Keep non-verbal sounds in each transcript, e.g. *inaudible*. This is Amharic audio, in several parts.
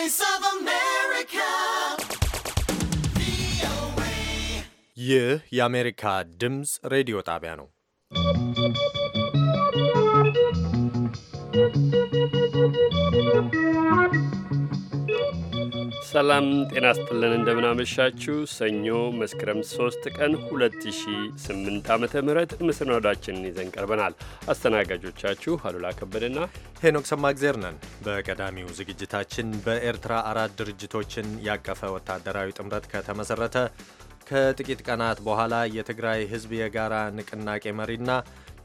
voice of America. ይህ የአሜሪካ ድምፅ ሬዲዮ ጣቢያ ነው። ¶¶ ሰላም ጤና ስጥልን። እንደምናመሻችሁ ሰኞ መስከረም 3 ቀን 2008 ዓ ም መሰናዷችንን ይዘን ቀርበናል። አስተናጋጆቻችሁ አሉላ ከበደና ሄኖክ ሰማግዜር ነን። በቀዳሚው ዝግጅታችን በኤርትራ አራት ድርጅቶችን ያቀፈ ወታደራዊ ጥምረት ከተመሠረተ ከጥቂት ቀናት በኋላ የትግራይ ሕዝብ የጋራ ንቅናቄ መሪና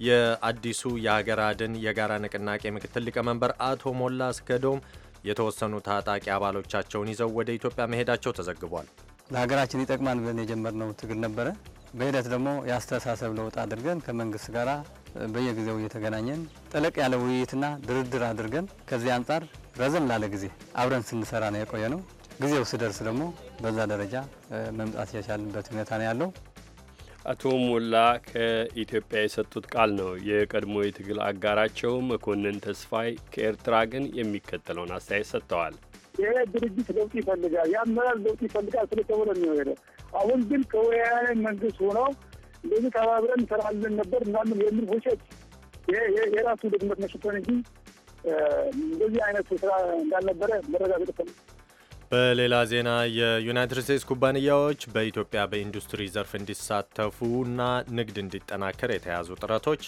የአዲሱ የሀገር አድን የጋራ ንቅናቄ ምክትል ሊቀመንበር አቶ ሞላ አስገዶም የተወሰኑ ታጣቂ አባሎቻቸውን ይዘው ወደ ኢትዮጵያ መሄዳቸው ተዘግቧል። ለሀገራችን ይጠቅማል ብለን የጀመርነው ትግል ነበረ። በሂደት ደግሞ የአስተሳሰብ ለውጥ አድርገን ከመንግስት ጋር በየጊዜው እየተገናኘን ጠለቅ ያለ ውይይትና ድርድር አድርገን ከዚህ አንጻር ረዘም ላለ ጊዜ አብረን ስንሰራ ነው የቆየ ነው። ጊዜው ስደርስ ደግሞ በዛ ደረጃ መምጣት የቻልንበት ሁኔታ ነው ያለው። አቶ ሞላ ከኢትዮጵያ የሰጡት ቃል ነው። የቀድሞ የትግል አጋራቸው መኮንን ተስፋይ ከኤርትራ ግን የሚከተለውን አስተያየት ሰጥተዋል። ይህ ድርጅት ለውጥ ይፈልጋል፣ የአመራር ለውጥ ይፈልጋል ስለተባለ ነው ሄደ። አሁን ግን ከወያነ መንግስት ሆኖ እንደዚህ ተባብረን እንሰራለን ነበር ምናምን የሚል ውሸት የራሱ ድግመት መሽቶን እንጂ እንደዚህ አይነት ስራ እንዳልነበረ መረጋገጥ በሌላ ዜና የዩናይትድ ስቴትስ ኩባንያዎች በኢትዮጵያ በኢንዱስትሪ ዘርፍ እንዲሳተፉና ንግድ እንዲጠናከር የተያዙ ጥረቶች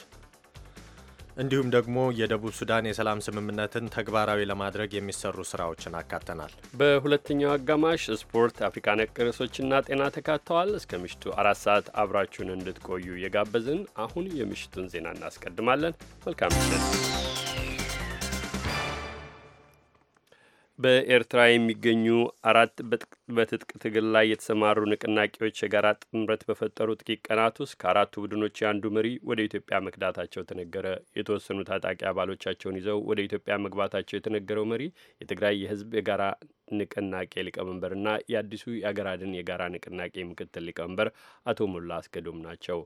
እንዲሁም ደግሞ የደቡብ ሱዳን የሰላም ስምምነትን ተግባራዊ ለማድረግ የሚሰሩ ስራዎችን አካተናል። በሁለተኛው አጋማሽ ስፖርት፣ አፍሪካ ነክ ርዕሶችና ጤና ተካተዋል። እስከ ምሽቱ አራት ሰዓት አብራችሁን እንድትቆዩ የጋበዝን። አሁን የምሽቱን ዜና እናስቀድማለን። መልካም ምሽት። በኤርትራ የሚገኙ አራት በትጥቅ ትግል ላይ የተሰማሩ ንቅናቄዎች የጋራ ጥምረት በፈጠሩ ጥቂት ቀናት ውስጥ ከአራቱ ቡድኖች የአንዱ መሪ ወደ ኢትዮጵያ መክዳታቸው ተነገረ። የተወሰኑ ታጣቂ አባሎቻቸውን ይዘው ወደ ኢትዮጵያ መግባታቸው የተነገረው መሪ የትግራይ የህዝብ የጋራ ንቅናቄ ሊቀመንበርና የአዲሱ የአገራድን የጋራ ንቅናቄ ምክትል ሊቀመንበር አቶ ሞላ አስገዶም ናቸው።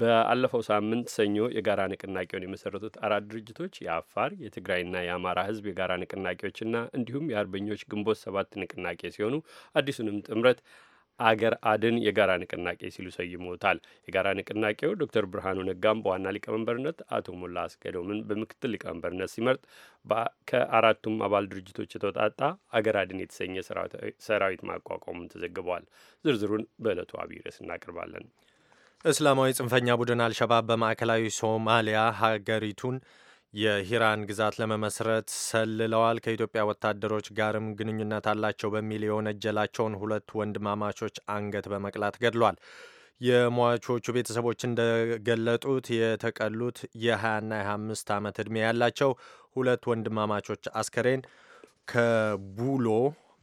በአለፈው ሳምንት ሰኞ የጋራ ንቅናቄውን የመሰረቱት አራት ድርጅቶች የአፋር የትግራይና የአማራ ህዝብ የጋራ ንቅናቄዎችና እንዲሁም የአርበኞች ግንቦት ሰባት ንቅናቄ ሲሆኑ አዲሱንም ጥምረት አገር አድን የጋራ ንቅናቄ ሲሉ ሰይመውታል። የጋራ ንቅናቄው ዶክተር ብርሃኑ ነጋም በዋና ሊቀመንበርነት፣ አቶ ሞላ አስገዶምን በምክትል ሊቀመንበርነት ሲመርጥ ከአራቱም አባል ድርጅቶች የተውጣጣ አገር አድን የተሰኘ ሰራዊት ማቋቋሙን ተዘግበዋል ዝርዝሩን በዕለቱ አብይ ርዕስ እናቀርባለን። እስላማዊ ጽንፈኛ ቡድን አልሸባብ በማዕከላዊ ሶማሊያ ሀገሪቱን የሂራን ግዛት ለመመስረት ሰልለዋል፣ ከኢትዮጵያ ወታደሮች ጋርም ግንኙነት አላቸው በሚል የወነጀላቸውን ሁለት ወንድማማቾች አንገት በመቅላት ገድሏል። የሟቾቹ ቤተሰቦች እንደገለጡት የተቀሉት የ20ና የ25 ዓመት ዕድሜ ያላቸው ሁለት ወንድማማቾች አስከሬን ከቡሎ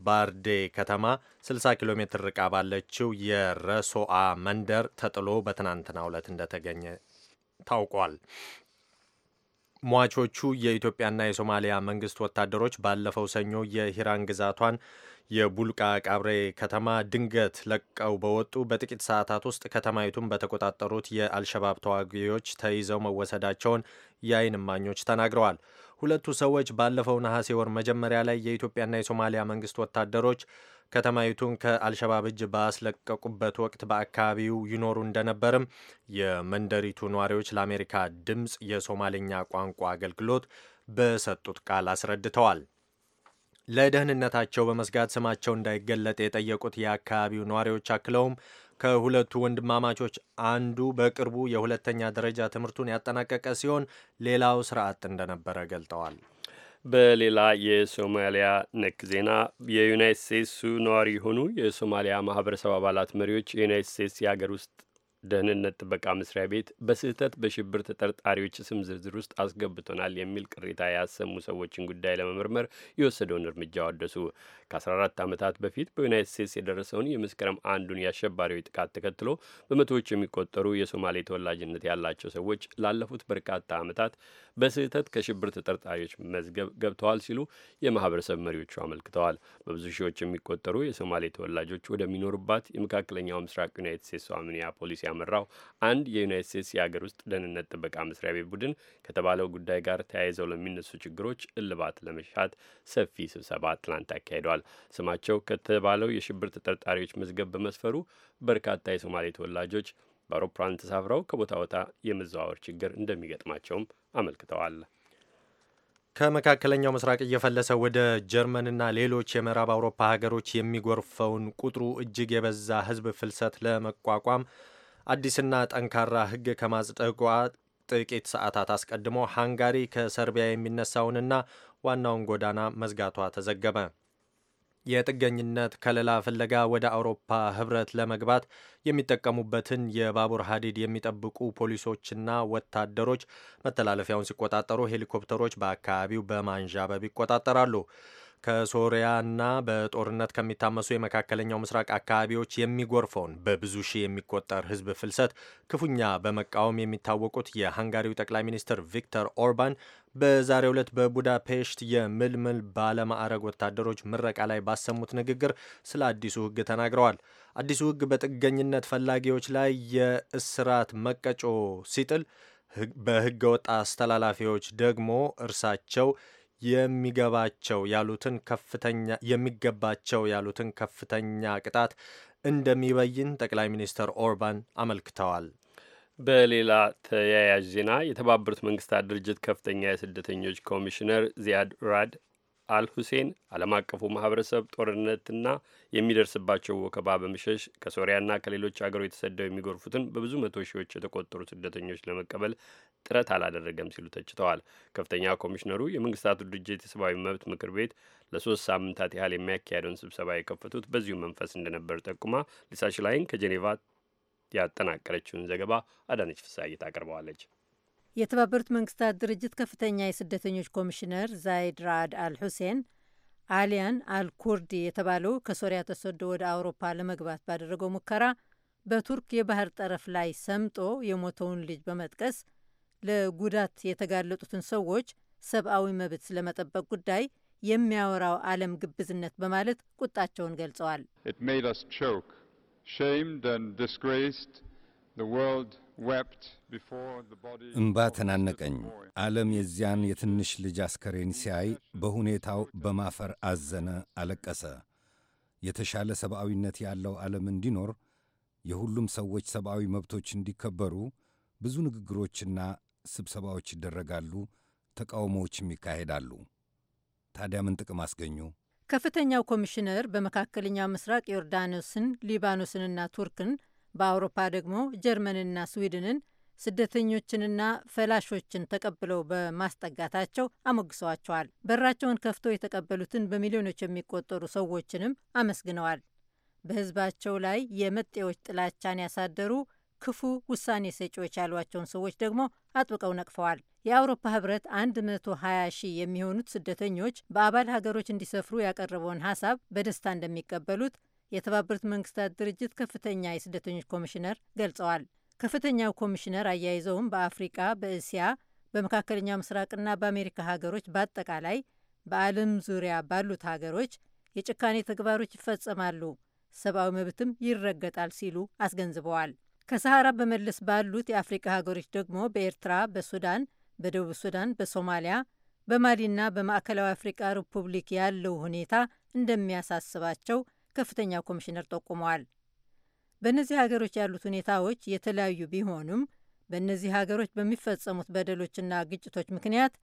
ባርዴ ከተማ 60 ኪሎ ሜትር ርቃ ባለችው የረሶአ መንደር ተጥሎ በትናንትናው ዕለት እንደተገኘ ታውቋል። ሟቾቹ የኢትዮጵያና የሶማሊያ መንግስት ወታደሮች ባለፈው ሰኞ የሂራን ግዛቷን የቡልቃ ቃብሬ ከተማ ድንገት ለቀው በወጡ በጥቂት ሰዓታት ውስጥ ከተማይቱን በተቆጣጠሩት የአልሸባብ ተዋጊዎች ተይዘው መወሰዳቸውን የአይን እማኞች ተናግረዋል። ሁለቱ ሰዎች ባለፈው ነሐሴ ወር መጀመሪያ ላይ የኢትዮጵያና የሶማሊያ መንግስት ወታደሮች ከተማይቱን ከአልሸባብ እጅ ባስለቀቁበት ወቅት በአካባቢው ይኖሩ እንደነበርም የመንደሪቱ ነዋሪዎች ለአሜሪካ ድምፅ የሶማሌኛ ቋንቋ አገልግሎት በሰጡት ቃል አስረድተዋል። ለደህንነታቸው በመስጋት ስማቸው እንዳይገለጥ የጠየቁት የአካባቢው ነዋሪዎች አክለውም ከሁለቱ ወንድማማቾች አንዱ በቅርቡ የሁለተኛ ደረጃ ትምህርቱን ያጠናቀቀ ሲሆን ሌላው ስራ አጥ እንደነበረ ገልጠዋል። በሌላ የሶማሊያ ነክ ዜና የዩናይት ስቴትሱ ነዋሪ የሆኑ የሶማሊያ ማህበረሰብ አባላት መሪዎች የዩናይት ስቴትስ የሀገር ውስጥ ደህንነት ጥበቃ መስሪያ ቤት በስህተት በሽብር ተጠርጣሪዎች ስም ዝርዝር ውስጥ አስገብቶናል የሚል ቅሬታ ያሰሙ ሰዎችን ጉዳይ ለመመርመር የወሰደውን እርምጃ አወደሱ። ከ14 ዓመታት በፊት በዩናይት ስቴትስ የደረሰውን የመስከረም አንዱን የአሸባሪዎች ጥቃት ተከትሎ በመቶዎች የሚቆጠሩ የሶማሌ ተወላጅነት ያላቸው ሰዎች ላለፉት በርካታ ዓመታት በስህተት ከሽብር ተጠርጣሪዎች መዝገብ ገብተዋል ሲሉ የማህበረሰብ መሪዎቹ አመልክተዋል። በብዙ ሺዎች የሚቆጠሩ የሶማሌ ተወላጆች ወደሚኖሩባት የመካከለኛው ምስራቅ ዩናይት ስቴትስ ሚኒያፖሊስ ያመራው አንድ የዩናይት ስቴትስ የአገር ውስጥ ደህንነት ጥበቃ መስሪያ ቤት ቡድን ከተባለው ጉዳይ ጋር ተያይዘው ለሚነሱ ችግሮች እልባት ለመሻት ሰፊ ስብሰባ ትላንት አካሂደዋል። ስማቸው ከተባለው የሽብር ተጠርጣሪዎች መዝገብ በመስፈሩ በርካታ የሶማሌ ተወላጆች በአውሮፕላን ተሳፍረው ከቦታ ቦታ የመዘዋወር ችግር እንደሚገጥማቸውም አመልክተዋል። ከመካከለኛው ምስራቅ እየፈለሰ ወደ ጀርመንና ሌሎች የምዕራብ አውሮፓ ሀገሮች የሚጎርፈውን ቁጥሩ እጅግ የበዛ ሕዝብ ፍልሰት ለመቋቋም አዲስና ጠንካራ ሕግ ከማጽደቋ ጥቂት ሰዓታት አስቀድሞ ሃንጋሪ ከሰርቢያ የሚነሳውንና ዋናውን ጎዳና መዝጋቷ ተዘገበ። የጥገኝነት ከለላ ፍለጋ ወደ አውሮፓ ህብረት ለመግባት የሚጠቀሙበትን የባቡር ሀዲድ የሚጠብቁ ፖሊሶችና ወታደሮች መተላለፊያውን ሲቆጣጠሩ፣ ሄሊኮፕተሮች በአካባቢው በማንዣበብ ይቆጣጠራሉ። ከሶሪያና በጦርነት ከሚታመሱ የመካከለኛው ምስራቅ አካባቢዎች የሚጎርፈውን በብዙ ሺህ የሚቆጠር ሕዝብ ፍልሰት ክፉኛ በመቃወም የሚታወቁት የሃንጋሪው ጠቅላይ ሚኒስትር ቪክተር ኦርባን በዛሬው ዕለት በቡዳፔሽት የምልምል ባለማዕረግ ወታደሮች ምረቃ ላይ ባሰሙት ንግግር ስለ አዲሱ ሕግ ተናግረዋል። አዲሱ ሕግ በጥገኝነት ፈላጊዎች ላይ የእስራት መቀጮ ሲጥል፣ በህገ ወጥ አስተላላፊዎች ደግሞ እርሳቸው የሚገባቸው ያሉትን ከፍተኛ የሚገባቸው ያሉትን ከፍተኛ ቅጣት እንደሚበይን ጠቅላይ ሚኒስትር ኦርባን አመልክተዋል። በሌላ ተያያዥ ዜና የተባበሩት መንግስታት ድርጅት ከፍተኛ የስደተኞች ኮሚሽነር ዚያድ ራድ አልሁሴን ዓለም አቀፉ ማህበረሰብ ጦርነትና የሚደርስባቸው ወከባ በመሸሽ ከሶሪያና ከሌሎች አገሮች የተሰደው የሚጎርፉትን በብዙ መቶ ሺዎች የተቆጠሩ ስደተኞች ለመቀበል ጥረት አላደረገም ሲሉ ተችተዋል። ከፍተኛ ኮሚሽነሩ የመንግስታቱ ድርጅት የሰብአዊ መብት ምክር ቤት ለሶስት ሳምንታት ያህል የሚያካሄደውን ስብሰባ የከፈቱት በዚሁ መንፈስ እንደነበር ጠቁማ ሊሳሽ ላይን ከጄኔቫ ያጠናቀረችውን ዘገባ አዳነች ፍሳይ ታቀርበዋለች። የተባበሩት መንግስታት ድርጅት ከፍተኛ የስደተኞች ኮሚሽነር ዛይድ ራድ አል ሁሴን አሊያን አልኩርዲ የተባለው ከሶሪያ ተሰዶ ወደ አውሮፓ ለመግባት ባደረገው ሙከራ በቱርክ የባህር ጠረፍ ላይ ሰምጦ የሞተውን ልጅ በመጥቀስ ለጉዳት የተጋለጡትን ሰዎች ሰብአዊ መብት ስለመጠበቅ ጉዳይ የሚያወራው ዓለም ግብዝነት በማለት ቁጣቸውን ገልጸዋል። እምባ ተናነቀኝ። ዓለም የዚያን የትንሽ ልጅ አስከሬን ሲያይ በሁኔታው በማፈር አዘነ፣ አለቀሰ። የተሻለ ሰብአዊነት ያለው ዓለም እንዲኖር፣ የሁሉም ሰዎች ሰብአዊ መብቶች እንዲከበሩ ብዙ ንግግሮችና ስብሰባዎች ይደረጋሉ፣ ተቃውሞዎችም ይካሄዳሉ። ታዲያ ምን ጥቅም አስገኙ? ከፍተኛው ኮሚሽነር በመካከለኛው ምስራቅ ዮርዳኖስን፣ ሊባኖስንና ቱርክን በአውሮፓ ደግሞ ጀርመንና ስዊድንን ስደተኞችንና ፈላሾችን ተቀብለው በማስጠጋታቸው አሞግሰዋቸዋል። በራቸውን ከፍተው የተቀበሉትን በሚሊዮኖች የሚቆጠሩ ሰዎችንም አመስግነዋል። በሕዝባቸው ላይ የመጤዎች ጥላቻን ያሳደሩ ክፉ ውሳኔ ሰጪዎች ያሏቸውን ሰዎች ደግሞ አጥብቀው ነቅፈዋል። የአውሮፓ ህብረት 120 ሺህ የሚሆኑት ስደተኞች በአባል ሀገሮች እንዲሰፍሩ ያቀረበውን ሀሳብ በደስታ እንደሚቀበሉት የተባበሩት መንግስታት ድርጅት ከፍተኛ የስደተኞች ኮሚሽነር ገልጸዋል። ከፍተኛው ኮሚሽነር አያይዘውም በአፍሪቃ፣ በእስያ፣ በመካከለኛው ምስራቅና በአሜሪካ ሀገሮች በአጠቃላይ በዓለም ዙሪያ ባሉት ሀገሮች የጭካኔ ተግባሮች ይፈጸማሉ፣ ሰብአዊ መብትም ይረገጣል ሲሉ አስገንዝበዋል። ከሰሃራ በመለስ ባሉት የአፍሪካ ሀገሮች ደግሞ በኤርትራ፣ በሱዳን፣ በደቡብ ሱዳን፣ በሶማሊያ፣ በማሊና በማዕከላዊ አፍሪካ ሪፑብሊክ ያለው ሁኔታ እንደሚያሳስባቸው ከፍተኛው ኮሚሽነር ጠቁመዋል። በእነዚህ ሀገሮች ያሉት ሁኔታዎች የተለያዩ ቢሆኑም በእነዚህ ሀገሮች በሚፈጸሙት በደሎችና ግጭቶች ምክንያት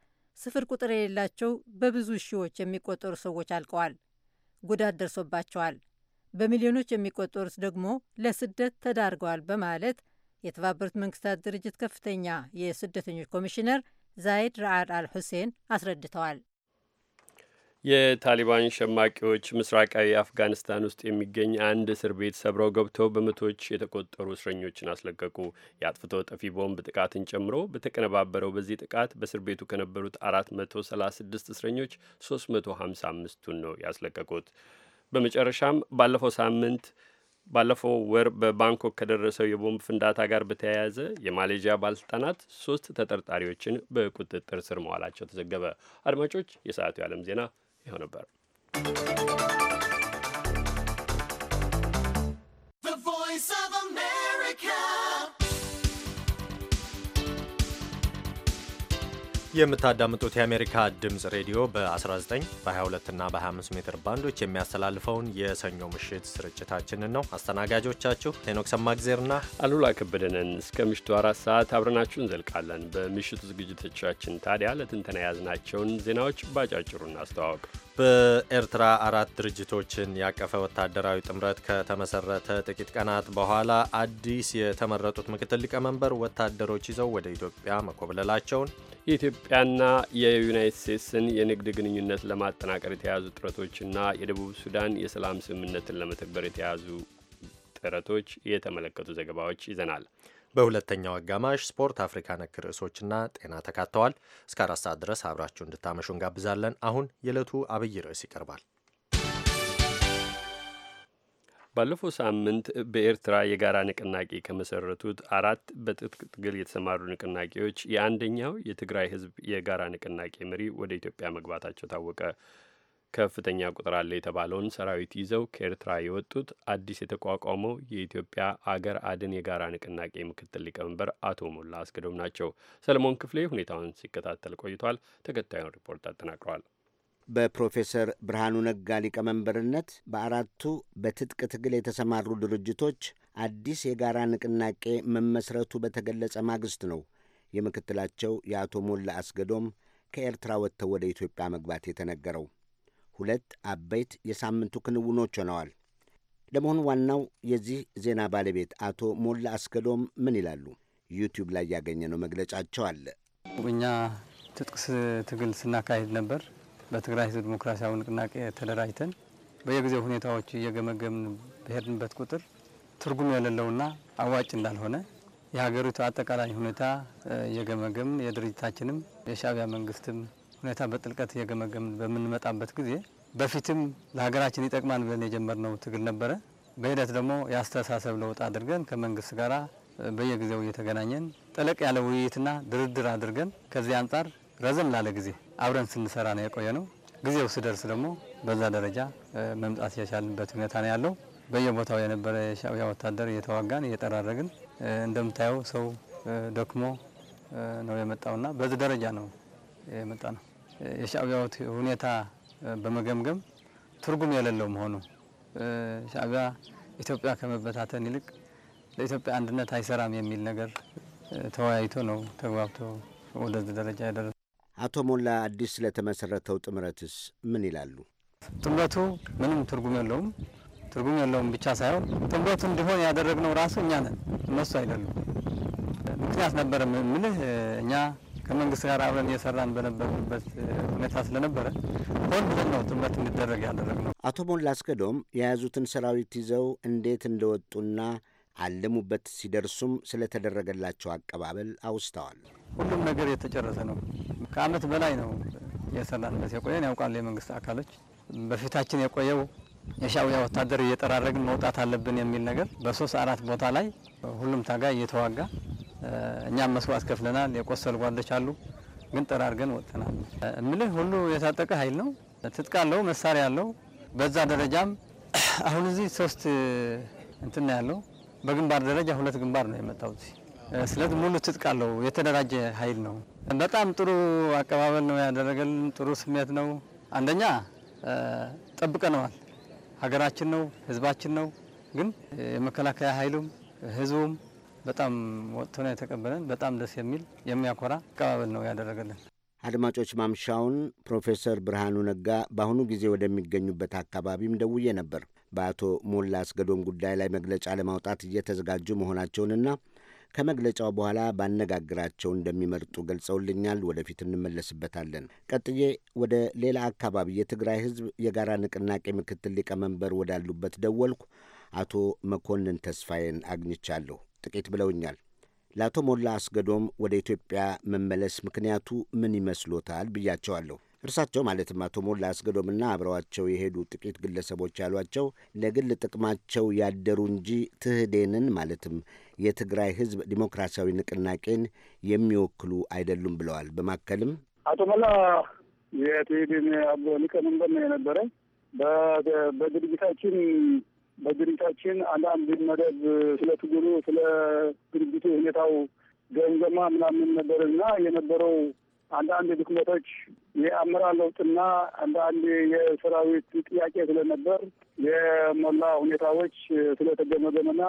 ስፍር ቁጥር የሌላቸው በብዙ ሺዎች የሚቆጠሩ ሰዎች አልቀዋል፣ ጉዳት ደርሶባቸዋል፣ በሚሊዮኖች የሚቆጠሩት ደግሞ ለስደት ተዳርገዋል በማለት የተባበሩት መንግስታት ድርጅት ከፍተኛ የስደተኞች ኮሚሽነር ዛይድ ራአድ አል ሁሴን አስረድተዋል። የታሊባን ሸማቂዎች ምስራቃዊ አፍጋኒስታን ውስጥ የሚገኝ አንድ እስር ቤት ሰብረው ገብተው በመቶዎች የተቆጠሩ እስረኞችን አስለቀቁ። የአጥፍቶ ጠፊ ቦምብ ጥቃትን ጨምሮ በተቀነባበረው በዚህ ጥቃት በእስር ቤቱ ከነበሩት 436 እስረኞች 355ቱን ነው ያስለቀቁት። በመጨረሻም ባለፈው ሳምንት ባለፈው ወር በባንኮክ ከደረሰው የቦምብ ፍንዳታ ጋር በተያያዘ የማሌዥያ ባለስልጣናት ሶስት ተጠርጣሪዎችን በቁጥጥር ስር መዋላቸው ተዘገበ። አድማጮች፣ የሰዓቱ የዓለም ዜና i Hunneberg. የምታዳምጡት የአሜሪካ ድምፅ ሬዲዮ በ19 በ22 እና በ25 ሜትር ባንዶች የሚያስተላልፈውን የሰኞ ምሽት ስርጭታችንን ነው። አስተናጋጆቻችሁ ሄኖክ ሰማግዜርና አሉላ ከበደንን እስከ ምሽቱ አራት ሰዓት አብረናችሁ እንዘልቃለን። በምሽቱ ዝግጅቶቻችን ታዲያ ለትንተና የያዝናቸውን ዜናዎች ባጫጭሩ እናስተዋወቅ። በኤርትራ አራት ድርጅቶችን ያቀፈ ወታደራዊ ጥምረት ከተመሰረተ ጥቂት ቀናት በኋላ አዲስ የተመረጡት ምክትል ሊቀመንበር ወታደሮች ይዘው ወደ ኢትዮጵያ መኮብለላቸውን የኢትዮጵያና የዩናይት ስቴትስን የንግድ ግንኙነት ለማጠናቀር የተያዙ ጥረቶችና የደቡብ ሱዳን የሰላም ስምምነትን ለመተግበር የተያዙ ጥረቶች የተመለከቱ ዘገባዎች ይዘናል። በሁለተኛው አጋማሽ ስፖርት፣ አፍሪካ ነክ ርዕሶችና ጤና ተካተዋል። እስከ አራት ሰዓት ድረስ አብራችሁ እንድታመሹ እንጋብዛለን። አሁን የዕለቱ አብይ ርዕስ ይቀርባል። ባለፈው ሳምንት በኤርትራ የጋራ ንቅናቄ ከመሰረቱት አራት በትጥቅ ትግል የተሰማሩ ንቅናቄዎች የአንደኛው የትግራይ ሕዝብ የጋራ ንቅናቄ መሪ ወደ ኢትዮጵያ መግባታቸው ታወቀ። ከፍተኛ ቁጥር አለ የተባለውን ሰራዊት ይዘው ከኤርትራ የወጡት አዲስ የተቋቋመው የኢትዮጵያ አገር አድን የጋራ ንቅናቄ ምክትል ሊቀመንበር አቶ ሞላ አስገዶም ናቸው። ሰለሞን ክፍሌ ሁኔታውን ሲከታተል ቆይቷል። ተከታዩን ሪፖርት አጠናቅረዋል። በፕሮፌሰር ብርሃኑ ነጋ ሊቀመንበርነት በአራቱ በትጥቅ ትግል የተሰማሩ ድርጅቶች አዲስ የጋራ ንቅናቄ መመስረቱ በተገለጸ ማግስት ነው የምክትላቸው የአቶ ሞላ አስገዶም ከኤርትራ ወጥተው ወደ ኢትዮጵያ መግባት የተነገረው። ሁለት አበይት የሳምንቱ ክንውኖች ሆነዋል። ለመሆኑ ዋናው የዚህ ዜና ባለቤት አቶ ሞላ አስገዶም ምን ይላሉ? ዩቲዩብ ላይ ያገኘነው መግለጫቸው አለ። እኛ ትጥቅ ትግል ስናካሄድ ነበር። በትግራይ ህዝብ ዲሞክራሲያዊ ንቅናቄ ተደራጅተን በየጊዜው ሁኔታዎች እየገመገምን በሄድንበት ቁጥር ትርጉም የሌለውና አዋጭ እንዳልሆነ የሀገሪቱ አጠቃላይ ሁኔታ እየገመገምን የድርጅታችንም የሻቢያ መንግስትም ሁኔታ በጥልቀት እየገመገምን በምንመጣበት ጊዜ በፊትም ለሀገራችን ይጠቅማል ብለን የጀመርነው ትግል ነበረ። በሂደት ደግሞ የአስተሳሰብ ለውጥ አድርገን ከመንግስት ጋር በየጊዜው እየተገናኘን ጠለቅ ያለ ውይይትና ድርድር አድርገን ከዚህ አንጻር ረዘም ላለ ጊዜ አብረን ስንሰራ ነው የቆየ ነው። ጊዜው ሲደርስ ደግሞ በዛ ደረጃ መምጣት የቻልንበት ሁኔታ ነው ያለው። በየቦታው የነበረ የሻዕቢያ ወታደር እየተዋጋን እየጠራረግን፣ እንደምታየው ሰው ደክሞ ነው የመጣውና በዚህ ደረጃ ነው የመጣ ነው። የሻዕቢያው ሁኔታ በመገምገም ትርጉም የሌለው መሆኑ ሻእቢያ ኢትዮጵያ ከመበታተን ይልቅ ለኢትዮጵያ አንድነት አይሰራም የሚል ነገር ተወያይቶ ነው ተግባብቶ ወደዚህ ደረጃ ያደረሰ። አቶ ሞላ አዲስ ስለተመሰረተው ጥምረትስ ምን ይላሉ? ጥምረቱ ምንም ትርጉም የለውም። ትርጉም የለውም ብቻ ሳይሆን ጥምረቱ እንዲሆን ያደረግነው ራሱ እኛ ነን፣ እነሱ አይደሉም። ምክንያት ነበረ ምልህ እኛ ከመንግስት ጋር አብረን እየሰራን በነበርንበት ሁኔታ ስለነበረ ሆን ብለን ነው ጥምረት እንዲደረግ ያደረግነው። አቶ ሞላ አስገዶም የያዙትን ሰራዊት ይዘው እንዴት እንደወጡና አለሙበት ሲደርሱም ስለተደረገላቸው አቀባበል አውስተዋል። ሁሉም ነገር የተጨረሰ ነው። ከአመት በላይ ነው የሰራንበት የቆየን ያውቃሉ የመንግስት አካሎች በፊታችን የቆየው የሻዕቢያ ወታደር እየጠራረግን መውጣት አለብን የሚል ነገር በሶስት አራት ቦታ ላይ ሁሉም ታጋይ እየተዋጋ እኛም መስዋዕት ከፍለናል። የቆሰሉ ጓዶች አሉ፣ ግን ጠራርገን ወጥተናል። እምልህ ሁሉ የታጠቀ ኃይል ነው፣ ትጥቅ አለው፣ መሳሪያ አለው። በዛ ደረጃም *clears throat* አሁን እዚህ ሶስት እንትና ያለው በግንባር ደረጃ ሁለት ግንባር ነው የመጣውት ስለዚህ ሙሉ ትጥቅ አለው፣ የተደራጀ ኃይል ነው። በጣም ጥሩ አቀባበል ነው ያደረገልን፣ ጥሩ ስሜት ነው። አንደኛ ጠብቀነዋል። ሀገራችን ነው፣ ህዝባችን ነው። ግን የመከላከያ ኃይሉም ህዝቡም በጣም ወጥቶ ነው የተቀበለን። በጣም ደስ የሚል የሚያኮራ አቀባበል ነው ያደረገልን። አድማጮች፣ ማምሻውን ፕሮፌሰር ብርሃኑ ነጋ በአሁኑ ጊዜ ወደሚገኙበት አካባቢም ደውዬ ነበር። በአቶ ሞላ አስገዶም ጉዳይ ላይ መግለጫ ለማውጣት እየተዘጋጁ መሆናቸውንና ከመግለጫው በኋላ ባነጋግራቸው እንደሚመርጡ ገልጸውልኛል። ወደፊት እንመለስበታለን። ቀጥዬ ወደ ሌላ አካባቢ የትግራይ ሕዝብ የጋራ ንቅናቄ ምክትል ሊቀመንበር ወዳሉበት ደወልኩ። አቶ መኮንን ተስፋዬን አግኝቻለሁ። ጥቂት ብለውኛል። ለአቶ ሞላ አስገዶም ወደ ኢትዮጵያ መመለስ ምክንያቱ ምን ይመስሎታል ብያቸዋለሁ። እርሳቸው ማለትም አቶ ሞላ አስገዶምና አብረዋቸው የሄዱ ጥቂት ግለሰቦች ያሏቸው ለግል ጥቅማቸው ያደሩ እንጂ ትህዴንን ማለትም የትግራይ ሕዝብ ዲሞክራሲያዊ ንቅናቄን የሚወክሉ አይደሉም ብለዋል። በማከልም አቶ ሞላ የትህዴን አቦ ሊቀመንበር ነው የነበረ በድርጅታችን በድርጅታችን አንዳንድ መደብ ስለ ትግሉ ስለ ድርጅቱ ሁኔታው ገምገማ ምናምን ነበር እና የነበረው አንዳንድ ድክመቶች የአመራር ለውጥና አንዳንድ የሰራዊት ጥያቄ ስለነበር የሞላ ሁኔታዎች ስለተገመገመና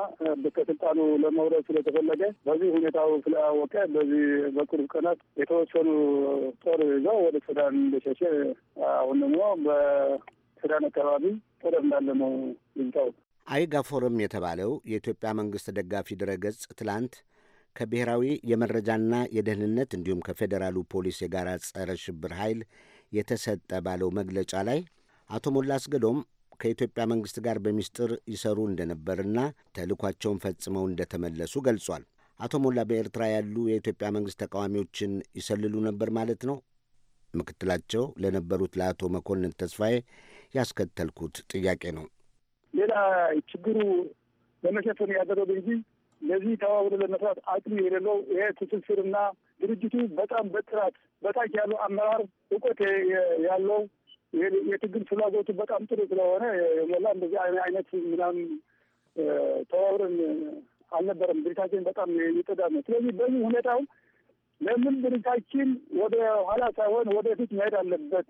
ከስልጣኑ ለመውረድ ስለተፈለገ በዚህ ሁኔታው ስላወቀ በዚህ በቅርብ ቀናት የተወሰኑ ጦር ይዘው ወደ ሱዳን እንደሸሸ አሁን ደግሞ ሱዳን አካባቢ ጦር እንዳለ ነው ይንጫው አይጋፎርም የተባለው የኢትዮጵያ መንግሥት ደጋፊ ድረገጽ ትላንት ከብሔራዊ የመረጃና የደህንነት እንዲሁም ከፌዴራሉ ፖሊስ የጋራ ጸረ ሽብር ኃይል የተሰጠ ባለው መግለጫ ላይ አቶ ሞላ አስገዶም ከኢትዮጵያ መንግሥት ጋር በሚስጥር ይሰሩ እንደነበርና ተልኳቸውን ፈጽመው እንደተመለሱ ገልጿል። አቶ ሞላ በኤርትራ ያሉ የኢትዮጵያ መንግሥት ተቃዋሚዎችን ይሰልሉ ነበር ማለት ነው? ምክትላቸው ለነበሩት ለአቶ መኮንን ተስፋዬ ያስከተልኩት ጥያቄ ነው። ሌላ ችግሩ ለመሸፈን ያደረገ እንጂ ለዚህ ተባብሎ ለመስራት አቅም የሌለው ይሄ ትስስርና ድርጅቱ በጣም በጥራት በታች ያለው አመራር እውቀት ያለው የትግል ፍላጎቱ በጣም ጥሩ ስለሆነ የሞላ እንደዚህ አይነት ምናምን ተባብረን አልነበረም። ድርጅታችን በጣም ይጠዳ ነው። ስለዚህ በዚህ ሁኔታው ለምን ድርጅታችን ወደ ኋላ ሳይሆን ወደፊት መሄድ አለበት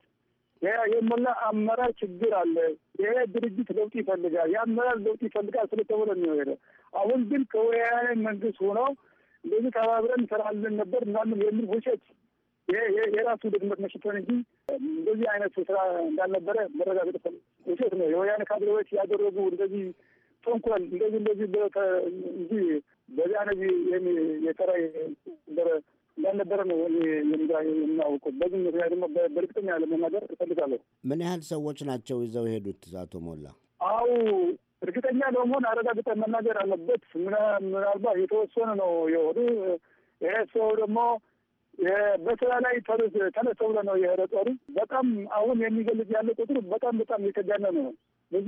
የሞላ አመራር ችግር አለ። ይሄ ድርጅት ለውጥ ይፈልጋል፣ የአመራር ለውጥ ይፈልጋል ስለተባለ ነው የሄደው። አሁን ግን ከወያኔ መንግስት ሆነው እንደዚህ ተባብረን እንሰራለን ነበር ምናምን የሚል ውሸት የራሱ ድግመት መሽቶን እንጂ እንደዚህ አይነት ስራ እንዳልነበረ መረጋገጥ ውሸት ነው። የወያኔ ካድሬዎች ያደረጉ እንደዚህ ተንኮል እንደዚህ እንደዚህ እንጂ በዚያ ነዚህ የሰራ ነበረ እንዳልነበረ ነው የምናውቀው። በዚህ ምክንያት ደግሞ በእርግጠኛ ለመናገር እፈልጋለሁ። ምን ያህል ሰዎች ናቸው ይዘው ሄዱት አቶ ሞላ? አው እርግጠኛ ለመሆን አረጋግጠ መናገር አለበት። ምናልባት የተወሰነ ነው የሆኑ። ይሄ ሰው ደግሞ በስራ ላይ ተነስቶ ብሎ ነው የሄደ ጦሩ። በጣም አሁን የሚገልጽ ያለ ቁጥሩ በጣም በጣም የተጋነ ነው። ብዙ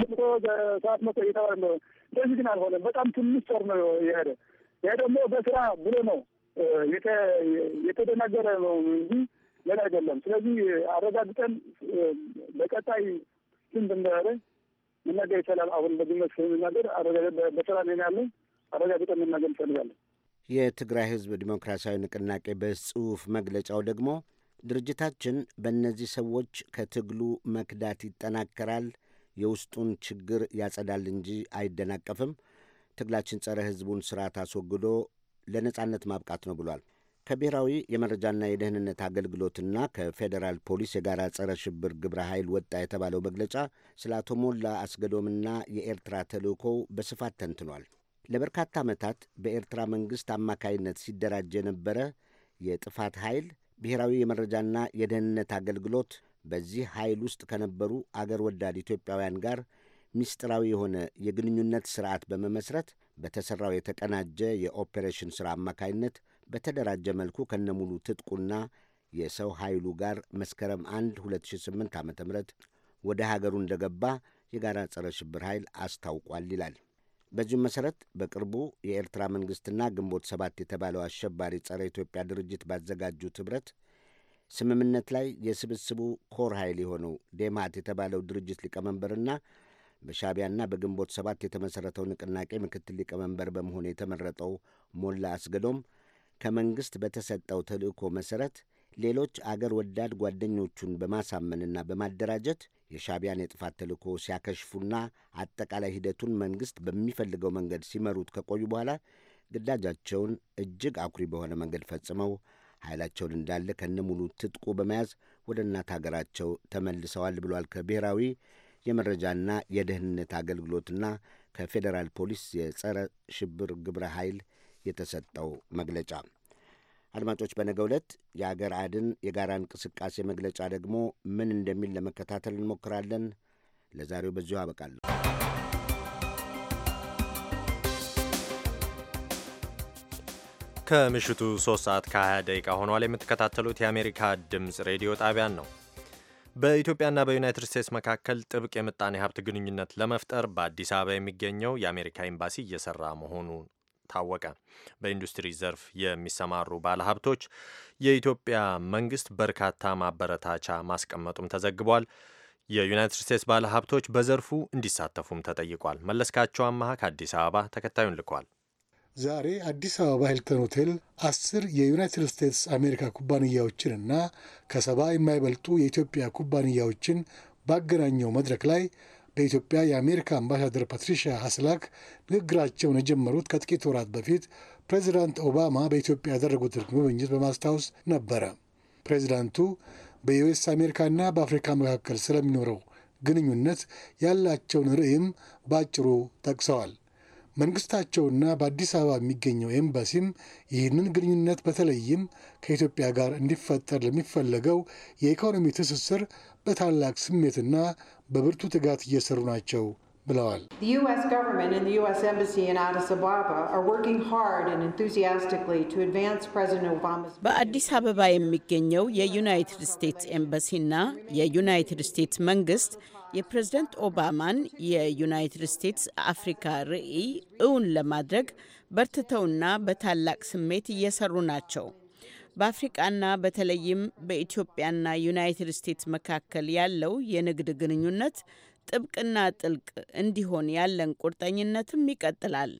ልምቶ ሰዓት መቶ እየተባለ ነው። እንደዚህ ግን አልሆነም። በጣም ትንሽ ጦር ነው የሄደ። ይሄ ደግሞ በስራ ብሎ ነው የተደናገረ ነው እንጂ ምን አይደለም። ስለዚህ አረጋግጠን በቀጣይ ስም ብንደረ መናገር ይቻላል። አሁን በግመት ስለሚናገር በሰላም ያለ አረጋግጠን መናገር እንፈልጋለን። የትግራይ ህዝብ ዲሞክራሲያዊ ንቅናቄ በጽሁፍ መግለጫው ደግሞ ድርጅታችን በእነዚህ ሰዎች ከትግሉ መክዳት ይጠናከራል፣ የውስጡን ችግር ያጸዳል እንጂ አይደናቀፍም። ትግላችን ጸረ ህዝቡን ስርዓት አስወግዶ ለነጻነት ማብቃት ነው ብሏል። ከብሔራዊ የመረጃና የደህንነት አገልግሎትና ከፌዴራል ፖሊስ የጋራ ጸረ ሽብር ግብረ ኃይል ወጣ የተባለው መግለጫ ስለ አቶ ሞላ አስገዶምና የኤርትራ ተልእኮው በስፋት ተንትኗል። ለበርካታ ዓመታት በኤርትራ መንግሥት አማካይነት ሲደራጅ የነበረ የጥፋት ኃይል ብሔራዊ የመረጃና የደህንነት አገልግሎት በዚህ ኃይል ውስጥ ከነበሩ አገር ወዳድ ኢትዮጵያውያን ጋር ምስጢራዊ የሆነ የግንኙነት ስርዓት በመመስረት በተሠራው የተቀናጀ የኦፔሬሽን ሥራ አማካይነት በተደራጀ መልኩ ከነሙሉ ትጥቁና የሰው ኃይሉ ጋር መስከረም 1 2008 ዓ ም ወደ ሀገሩ እንደገባ የጋራ ጸረ ሽብር ኃይል አስታውቋል ይላል። በዚሁም መሠረት በቅርቡ የኤርትራ መንግሥትና ግንቦት ሰባት የተባለው አሸባሪ ጸረ ኢትዮጵያ ድርጅት ባዘጋጁት ኅብረት ስምምነት ላይ የስብስቡ ኮር ኃይል የሆነው ዴማት የተባለው ድርጅት ሊቀመንበርና በሻቢያና በግንቦት ሰባት የተመሠረተው ንቅናቄ ምክትል ሊቀመንበር በመሆን የተመረጠው ሞላ አስገዶም ከመንግሥት በተሰጠው ተልእኮ መሠረት ሌሎች አገር ወዳድ ጓደኞቹን በማሳመንና በማደራጀት የሻቢያን የጥፋት ተልእኮ ሲያከሽፉና አጠቃላይ ሂደቱን መንግሥት በሚፈልገው መንገድ ሲመሩት ከቆዩ በኋላ ግዳጃቸውን እጅግ አኩሪ በሆነ መንገድ ፈጽመው ኃይላቸውን እንዳለ ሙሉ ትጥቁ በመያዝ ወደ እናት ሀገራቸው ተመልሰዋል ብሏል። ከብሔራዊ የመረጃና የደህንነት አገልግሎትና ከፌዴራል ፖሊስ የጸረ ሽብር ግብረ ኃይል የተሰጠው መግለጫ። አድማጮች፣ በነገው ዕለት የአገር አድን የጋራ እንቅስቃሴ መግለጫ ደግሞ ምን እንደሚል ለመከታተል እንሞክራለን። ለዛሬው በዚሁ አበቃለሁ። ከምሽቱ 3 ሰዓት ከ20 ደቂቃ ሆኗል። የምትከታተሉት የአሜሪካ ድምፅ ሬዲዮ ጣቢያን ነው። በኢትዮጵያና በዩናይትድ ስቴትስ መካከል ጥብቅ የምጣኔ ሀብት ግንኙነት ለመፍጠር በአዲስ አበባ የሚገኘው የአሜሪካ ኤምባሲ እየሰራ መሆኑ ታወቀ። በኢንዱስትሪ ዘርፍ የሚሰማሩ ባለሀብቶች የኢትዮጵያ መንግስት በርካታ ማበረታቻ ማስቀመጡም ተዘግቧል። የዩናይትድ ስቴትስ ባለሀብቶች በዘርፉ እንዲሳተፉም ተጠይቋል። መለስካቸው አማሃ ከአዲስ አበባ ተከታዩን ልኳል። ዛሬ አዲስ አበባ ሂልተን ሆቴል አስር የዩናይትድ ስቴትስ አሜሪካ ኩባንያዎችንና ከሰባ የማይበልጡ የኢትዮጵያ ኩባንያዎችን ባገናኘው መድረክ ላይ በኢትዮጵያ የአሜሪካ አምባሳደር ፓትሪሻ ሀስላክ ንግግራቸውን የጀመሩት ከጥቂት ወራት በፊት ፕሬዚዳንት ኦባማ በኢትዮጵያ ያደረጉትን ጉብኝት በማስታወስ ነበረ። ፕሬዚዳንቱ በዩኤስ አሜሪካና በአፍሪካ መካከል ስለሚኖረው ግንኙነት ያላቸውን ርዕይም በአጭሩ ጠቅሰዋል። መንግስታቸውና በአዲስ አበባ የሚገኘው ኤምባሲም ይህንን ግንኙነት በተለይም ከኢትዮጵያ ጋር እንዲፈጠር ለሚፈለገው የኢኮኖሚ ትስስር በታላቅ ስሜትና በብርቱ ትጋት እየሰሩ ናቸው ብለዋል። በአዲስ አበባ የሚገኘው የዩናይትድ ስቴትስ ኤምባሲና የዩናይትድ ስቴትስ መንግስት የፕሬዝደንት ኦባማን የዩናይትድ ስቴትስ አፍሪካ ራዕይ እውን ለማድረግ በርትተውና በታላቅ ስሜት እየሰሩ ናቸው። በአፍሪቃና በተለይም በኢትዮጵያና ዩናይትድ ስቴትስ መካከል ያለው የንግድ ግንኙነት ጥብቅና ጥልቅ እንዲሆን ያለን ቁርጠኝነትም ይቀጥላል።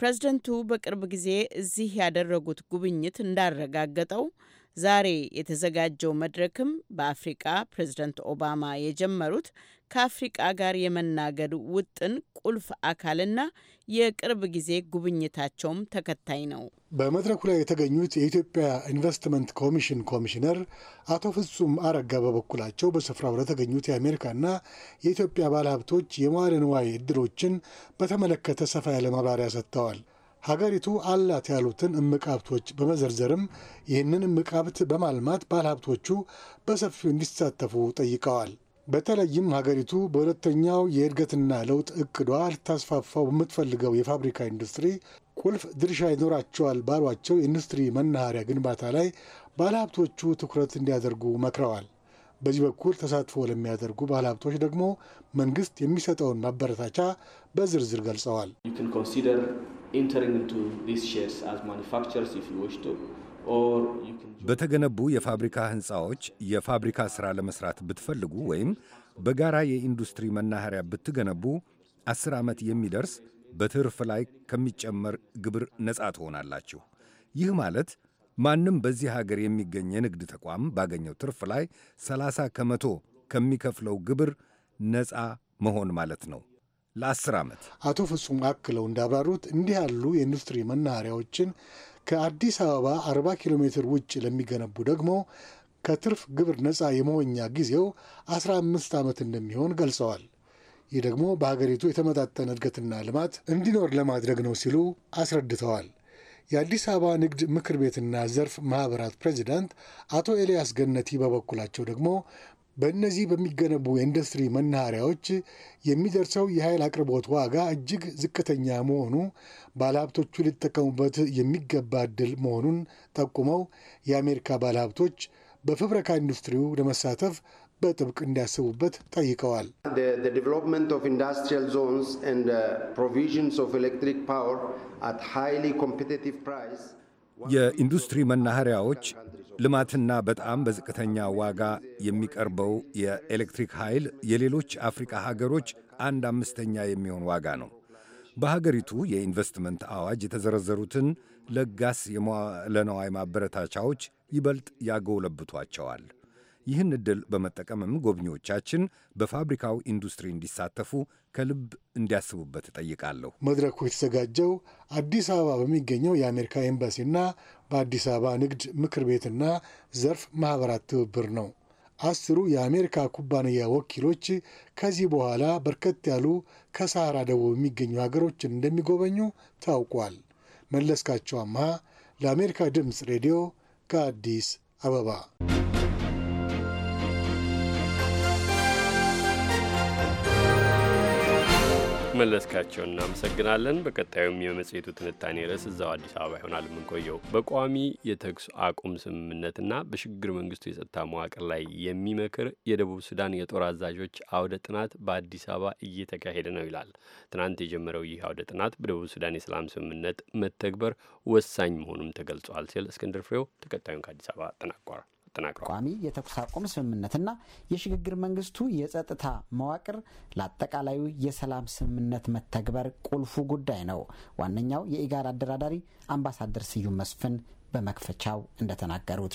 ፕሬዝደንቱ በቅርብ ጊዜ እዚህ ያደረጉት ጉብኝት እንዳረጋገጠው ዛሬ የተዘጋጀው መድረክም በአፍሪቃ ፕሬዝደንት ኦባማ የጀመሩት ከአፍሪቃ ጋር የመናገድ ውጥን ቁልፍ አካልና የቅርብ ጊዜ ጉብኝታቸውም ተከታይ ነው። በመድረኩ ላይ የተገኙት የኢትዮጵያ ኢንቨስትመንት ኮሚሽን ኮሚሽነር አቶ ፍጹም አረጋ በበኩላቸው በስፍራው ለተገኙት የአሜሪካና የኢትዮጵያ ባለሀብቶች የመዋለ ንዋይ እድሎችን በተመለከተ ሰፋ ያለ ማብራሪያ ሰጥተዋል። ሀገሪቱ አላት ያሉትን እምቅ ሀብቶች በመዘርዘርም ይህንን እምቅ ሀብት በማልማት ባለሀብቶቹ በሰፊው እንዲሳተፉ ጠይቀዋል። በተለይም ሀገሪቱ በሁለተኛው የእድገትና ለውጥ እቅዷ ልታስፋፋው በምትፈልገው የፋብሪካ ኢንዱስትሪ ቁልፍ ድርሻ ይኖራቸዋል ባሏቸው የኢንዱስትሪ መናኸሪያ ግንባታ ላይ ባለሀብቶቹ ትኩረት እንዲያደርጉ መክረዋል። በዚህ በኩል ተሳትፎ ለሚያደርጉ ባለሀብቶች ደግሞ መንግስት የሚሰጠውን ማበረታቻ በዝርዝር ገልጸዋል። በተገነቡ የፋብሪካ ህንፃዎች የፋብሪካ ሥራ ለመሥራት ብትፈልጉ ወይም በጋራ የኢንዱስትሪ መናኸሪያ ብትገነቡ አስር ዓመት የሚደርስ በትርፍ ላይ ከሚጨመር ግብር ነፃ ትሆናላችሁ። ይህ ማለት ማንም በዚህ ሀገር የሚገኝ የንግድ ተቋም ባገኘው ትርፍ ላይ 30 ከመቶ ከሚከፍለው ግብር ነፃ መሆን ማለት ነው። ለአስር ዓመት። አቶ ፍጹም አክለው እንዳብራሩት እንዲህ ያሉ የኢንዱስትሪ መናኸሪያዎችን ከአዲስ አበባ 40 ኪሎ ሜትር ውጭ ለሚገነቡ ደግሞ ከትርፍ ግብር ነፃ የመሆኛ ጊዜው 15 ዓመት እንደሚሆን ገልጸዋል። ይህ ደግሞ በሀገሪቱ የተመጣጠነ እድገትና ልማት እንዲኖር ለማድረግ ነው ሲሉ አስረድተዋል። የአዲስ አበባ ንግድ ምክር ቤትና ዘርፍ ማህበራት ፕሬዚዳንት አቶ ኤልያስ ገነቲ በበኩላቸው ደግሞ በእነዚህ በሚገነቡ የኢንዱስትሪ መናኸሪያዎች የሚደርሰው የኃይል አቅርቦት ዋጋ እጅግ ዝቅተኛ መሆኑ ባለሀብቶቹ ሊጠቀሙበት የሚገባ ድል መሆኑን ጠቁመው የአሜሪካ ባለሀብቶች በፍብረካ ኢንዱስትሪው ለመሳተፍ በጥብቅ እንዲያስቡበት ጠይቀዋል። የኢንዱስትሪ መናኸሪያዎች ልማትና በጣም በዝቅተኛ ዋጋ የሚቀርበው የኤሌክትሪክ ኃይል የሌሎች አፍሪካ ሀገሮች አንድ አምስተኛ የሚሆን ዋጋ ነው። በሀገሪቱ የኢንቨስትመንት አዋጅ የተዘረዘሩትን ለጋስ ለነዋይ ማበረታቻዎች ይበልጥ ያጎለብቷቸዋል። ይህን ዕድል በመጠቀምም ጎብኚዎቻችን በፋብሪካው ኢንዱስትሪ እንዲሳተፉ ከልብ እንዲያስቡበት እጠይቃለሁ። መድረኩ የተዘጋጀው አዲስ አበባ በሚገኘው የአሜሪካ ኤምባሲና በአዲስ አበባ ንግድ ምክር ቤትና ዘርፍ ማኅበራት ትብብር ነው። አስሩ የአሜሪካ ኩባንያ ወኪሎች ከዚህ በኋላ በርከት ያሉ ከሰሃራ ደቡብ የሚገኙ ሀገሮችን እንደሚጎበኙ ታውቋል። መለስካቸው አምሃ ለአሜሪካ ድምፅ ሬዲዮ ከአዲስ አበባ መለስካቸው እናመሰግናለን። በቀጣዩም የመጽሔቱ ትንታኔ ርዕስ እዛው አዲስ አበባ ይሆናል የምንቆየው። በቋሚ የተኩስ አቁም ስምምነትና በሽግግር መንግስቱ የጸጥታ መዋቅር ላይ የሚመክር የደቡብ ሱዳን የጦር አዛዦች አውደ ጥናት በአዲስ አበባ እየተካሄደ ነው ይላል። ትናንት የጀመረው ይህ አውደ ጥናት በደቡብ ሱዳን የሰላም ስምምነት መተግበር ወሳኝ መሆኑም ተገልጿል ሲል እስክንድር ፍሬው ተከታዩን ከአዲስ አበባ አጠናቋል። ተናግረዋል። ቋሚ የተኩስ አቁም ስምምነትና የሽግግር መንግስቱ የጸጥታ መዋቅር ለአጠቃላዩ የሰላም ስምምነት መተግበር ቁልፉ ጉዳይ ነው። ዋነኛው የኢጋድ አደራዳሪ አምባሳደር ስዩም መስፍን በመክፈቻው እንደተናገሩት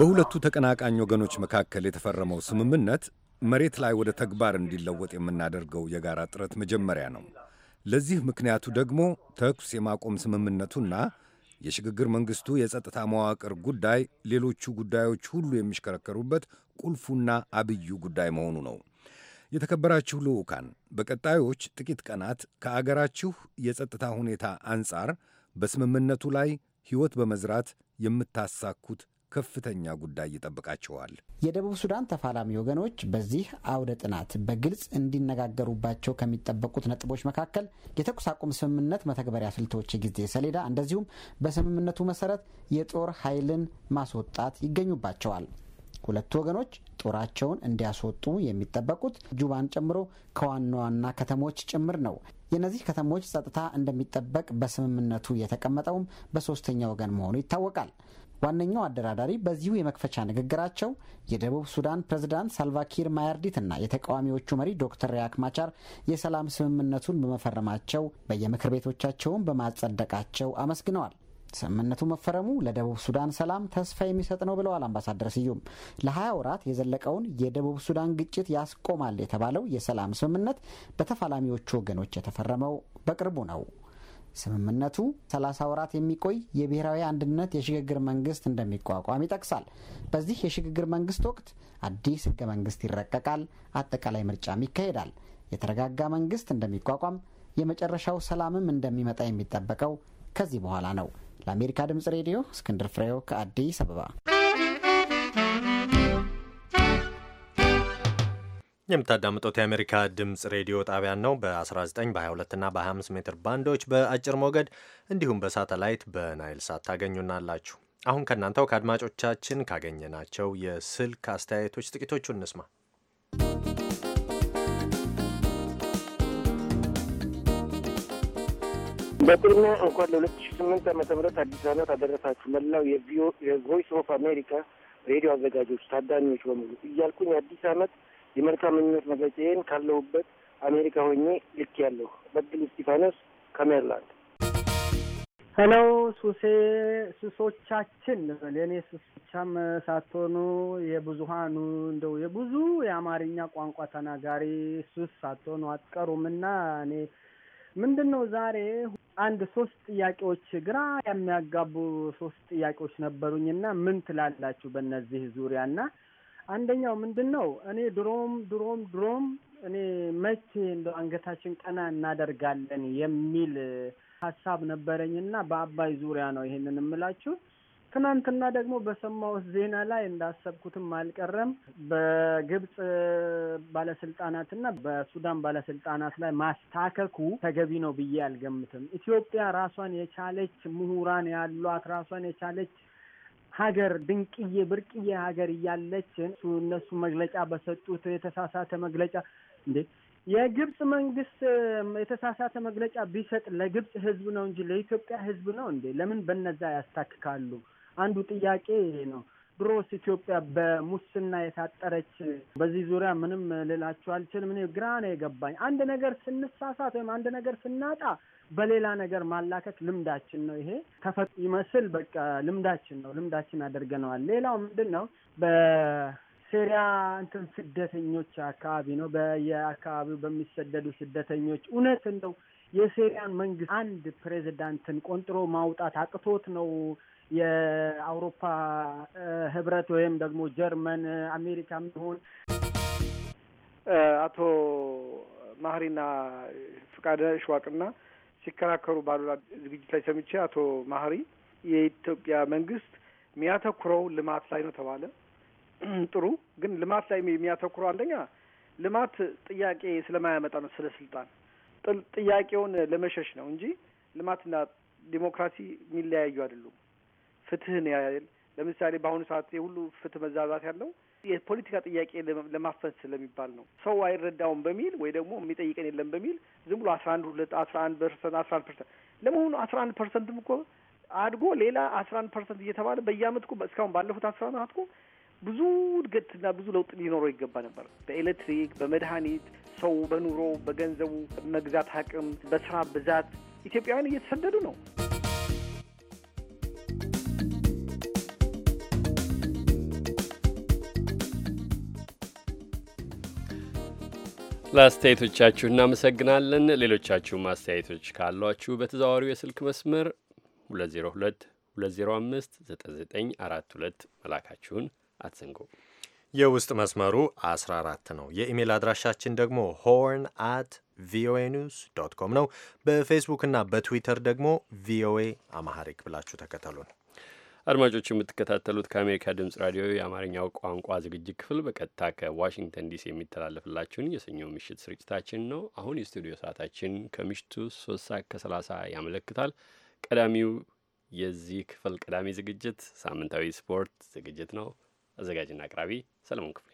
በሁለቱ ተቀናቃኝ ወገኖች መካከል የተፈረመው ስምምነት መሬት ላይ ወደ ተግባር እንዲለወጥ የምናደርገው የጋራ ጥረት መጀመሪያ ነው። ለዚህ ምክንያቱ ደግሞ ተኩስ የማቆም ስምምነቱና የሽግግር መንግስቱ የጸጥታ መዋቅር ጉዳይ ሌሎቹ ጉዳዮች ሁሉ የሚሽከረከሩበት ቁልፉና አብዩ ጉዳይ መሆኑ ነው። የተከበራችሁ ልዑካን፣ በቀጣዮች ጥቂት ቀናት ከአገራችሁ የጸጥታ ሁኔታ አንጻር በስምምነቱ ላይ ሕይወት በመዝራት የምታሳኩት ከፍተኛ ጉዳይ ይጠብቃቸዋል። የደቡብ ሱዳን ተፋላሚ ወገኖች በዚህ አውደ ጥናት በግልጽ እንዲነጋገሩባቸው ከሚጠበቁት ነጥቦች መካከል የተኩስ አቁም ስምምነት መተግበሪያ ስልቶች፣ የጊዜ ሰሌዳ እንደዚሁም በስምምነቱ መሰረት የጦር ኃይልን ማስወጣት ይገኙባቸዋል። ሁለቱ ወገኖች ጦራቸውን እንዲያስወጡ የሚጠበቁት ጁባን ጨምሮ ከዋና ዋና ከተሞች ጭምር ነው። የእነዚህ ከተሞች ጸጥታ እንደሚጠበቅ በስምምነቱ የተቀመጠውም በሶስተኛ ወገን መሆኑ ይታወቃል። ዋነኛው አደራዳሪ በዚሁ የመክፈቻ ንግግራቸው የደቡብ ሱዳን ፕሬዝዳንት ሳልቫኪር ማያርዲት እና የተቃዋሚዎቹ መሪ ዶክተር ሪያክ ማቻር የሰላም ስምምነቱን በመፈረማቸው በየምክር ቤቶቻቸውን በማጸደቃቸው አመስግነዋል። ስምምነቱ መፈረሙ ለደቡብ ሱዳን ሰላም ተስፋ የሚሰጥ ነው ብለዋል አምባሳደር ስዩም። ለ20 ወራት የዘለቀውን የደቡብ ሱዳን ግጭት ያስቆማል የተባለው የሰላም ስምምነት በተፋላሚዎቹ ወገኖች የተፈረመው በቅርቡ ነው። ስምምነቱ 30 ወራት የሚቆይ የብሔራዊ አንድነት የሽግግር መንግስት እንደሚቋቋም ይጠቅሳል። በዚህ የሽግግር መንግስት ወቅት አዲስ ህገ መንግስት ይረቀቃል፣ አጠቃላይ ምርጫም ይካሄዳል። የተረጋጋ መንግስት እንደሚቋቋም፣ የመጨረሻው ሰላምም እንደሚመጣ የሚጠበቀው ከዚህ በኋላ ነው። ለአሜሪካ ድምጽ ሬዲዮ እስክንድር ፍሬው ከአዲስ አበባ የምታዳምጡት የአሜሪካ ድምፅ ሬዲዮ ጣቢያን ነው። በ19 በ22 እና በ25 ሜትር ባንዶች በአጭር ሞገድ እንዲሁም በሳተላይት በናይል ሳት ታገኙናላችሁ። አሁን ከእናንተው ከአድማጮቻችን ካገኘናቸው የስልክ አስተያየቶች ጥቂቶቹ እንስማ። በቅድሚያ እንኳን ለሁለት ሺ ስምንት ዓመተ ምህረት አዲስ ዓመት አደረሳችሁ መላው የቮይስ ኦፍ አሜሪካ ሬዲዮ አዘጋጆች ታዳሚዎች በሙሉ እያልኩኝ አዲስ ዓመት የመልካም ምኞት መግለጫዬን ካለሁበት አሜሪካ ሆኜ ልክ ያለሁ በድል እስጢፋኖስ ከሜርላንድ ሄሎ ሱሴ ስሶቻችን ለእኔ ስሶቻም ሳትሆኑ የብዙሀኑ እንደው የብዙ የአማርኛ ቋንቋ ተናጋሪ ሱስ ሳትሆኑ አትቀሩም እና እኔ ምንድን ነው ዛሬ አንድ ሶስት ጥያቄዎች ግራ የሚያጋቡ ሶስት ጥያቄዎች ነበሩኝ እና ምን ትላላችሁ በእነዚህ ዙሪያ እና አንደኛው ምንድን ነው እኔ ድሮም ድሮም ድሮም እኔ መቼ እንደ አንገታችን ቀና እናደርጋለን የሚል ሀሳብ ነበረኝ እና በአባይ ዙሪያ ነው ይሄንን የምላችሁ። ትናንትና ደግሞ በሰማሁት ዜና ላይ እንዳሰብኩትም አልቀረም። በግብፅ ባለስልጣናትና በሱዳን ባለስልጣናት ላይ ማስታከኩ ተገቢ ነው ብዬ አልገምትም። ኢትዮጵያ ራሷን የቻለች ምሁራን ያሏት ራሷን የቻለች ሀገር ድንቅዬ ብርቅዬ ሀገር እያለችን እነሱ መግለጫ በሰጡት የተሳሳተ መግለጫ እንዴ የግብፅ መንግስት የተሳሳተ መግለጫ ቢሰጥ ለግብፅ ህዝብ ነው እንጂ ለኢትዮጵያ ህዝብ ነው እንዴ? ለምን በነዛ ያስታክካሉ? አንዱ ጥያቄ ይሄ ነው። ድሮስ ኢትዮጵያ በሙስና የታጠረች፣ በዚህ ዙሪያ ምንም ልላችሁ አልችልም። እኔ ግራ ነው የገባኝ። አንድ ነገር ስንሳሳት ወይም አንድ ነገር ስናጣ በሌላ ነገር ማላከክ ልምዳችን ነው። ይሄ ተፈጥሮ ይመስል በቃ ልምዳችን ነው፣ ልምዳችን አድርገነዋል። ሌላው ምንድን ነው በሲሪያ እንትን ስደተኞች አካባቢ ነው፣ በየአካባቢው በሚሰደዱ ስደተኞች እውነት እንደው የሲሪያን መንግስት አንድ ፕሬዚዳንትን ቆንጥሮ ማውጣት አቅቶት ነው የአውሮፓ ህብረት ወይም ደግሞ ጀርመን አሜሪካ ሚሆን አቶ ማህሪና ፍቃደ ሽዋቅና ሲከራከሩ ባሉላ ዝግጅት ላይ ሰምቼ አቶ ማህሪ የኢትዮጵያ መንግስት የሚያተኩረው ልማት ላይ ነው ተባለ። ጥሩ ግን ልማት ላይ የሚያተኩረው አንደኛ ልማት ጥያቄ ስለማያመጣ ነው፣ ስለ ስልጣን ጥያቄውን ለመሸሽ ነው እንጂ ልማትና ዲሞክራሲ የሚለያዩ አይደሉም። ፍትህን ያል ለምሳሌ በአሁኑ ሰዓት የሁሉ ፍትህ መዛባት ያለው የፖለቲካ ጥያቄ ለማፈት ስለሚባል ነው። ሰው አይረዳውም በሚል ወይ ደግሞ የሚጠይቀን የለም በሚል ዝም ብሎ አስራ አንድ ሁለት አስራ አንድ ፐርሰንት አስራ አንድ ፐርሰንት ለመሆኑ አስራ አንድ ፐርሰንትም እኮ አድጎ ሌላ አስራ አንድ ፐርሰንት እየተባለ በየአመት እኮ እስካሁን ባለፉት አስራ አመት እኮ ብዙ እድገትና ብዙ ለውጥ ሊኖረው ይገባ ነበር። በኤሌክትሪክ፣ በመድኃኒት፣ ሰው በኑሮ፣ በገንዘቡ መግዛት አቅም፣ በስራ ብዛት ኢትዮጵያውያን እየተሰደዱ ነው። ለአስተያየቶቻችሁ እናመሰግናለን። ሌሎቻችሁም አስተያየቶች ካሏችሁ በተዘዋዋሪው የስልክ መስመር 2022059942 መላካችሁን አትዘንጉ። የውስጥ መስመሩ 14 ነው። የኢሜል አድራሻችን ደግሞ ሆርን አት ቪኦኤ ኒውስ ዶት ኮም ነው። በፌስቡክ እና በትዊተር ደግሞ ቪኦኤ አማሐሪክ ብላችሁ ተከተሉን። አድማጮች የምትከታተሉት ከአሜሪካ ድምጽ ራዲዮ የአማርኛው ቋንቋ ዝግጅት ክፍል በቀጥታ ከዋሽንግተን ዲሲ የሚተላለፍላችሁን የሰኞ ምሽት ስርጭታችን ነው። አሁን የስቱዲዮ ሰዓታችን ከምሽቱ ሶስት ሰዓት ከሰላሳ ያመለክታል። ቀዳሚው የዚህ ክፍል ቀዳሚ ዝግጅት ሳምንታዊ ስፖርት ዝግጅት ነው። አዘጋጅና አቅራቢ ሰለሞን ክፍል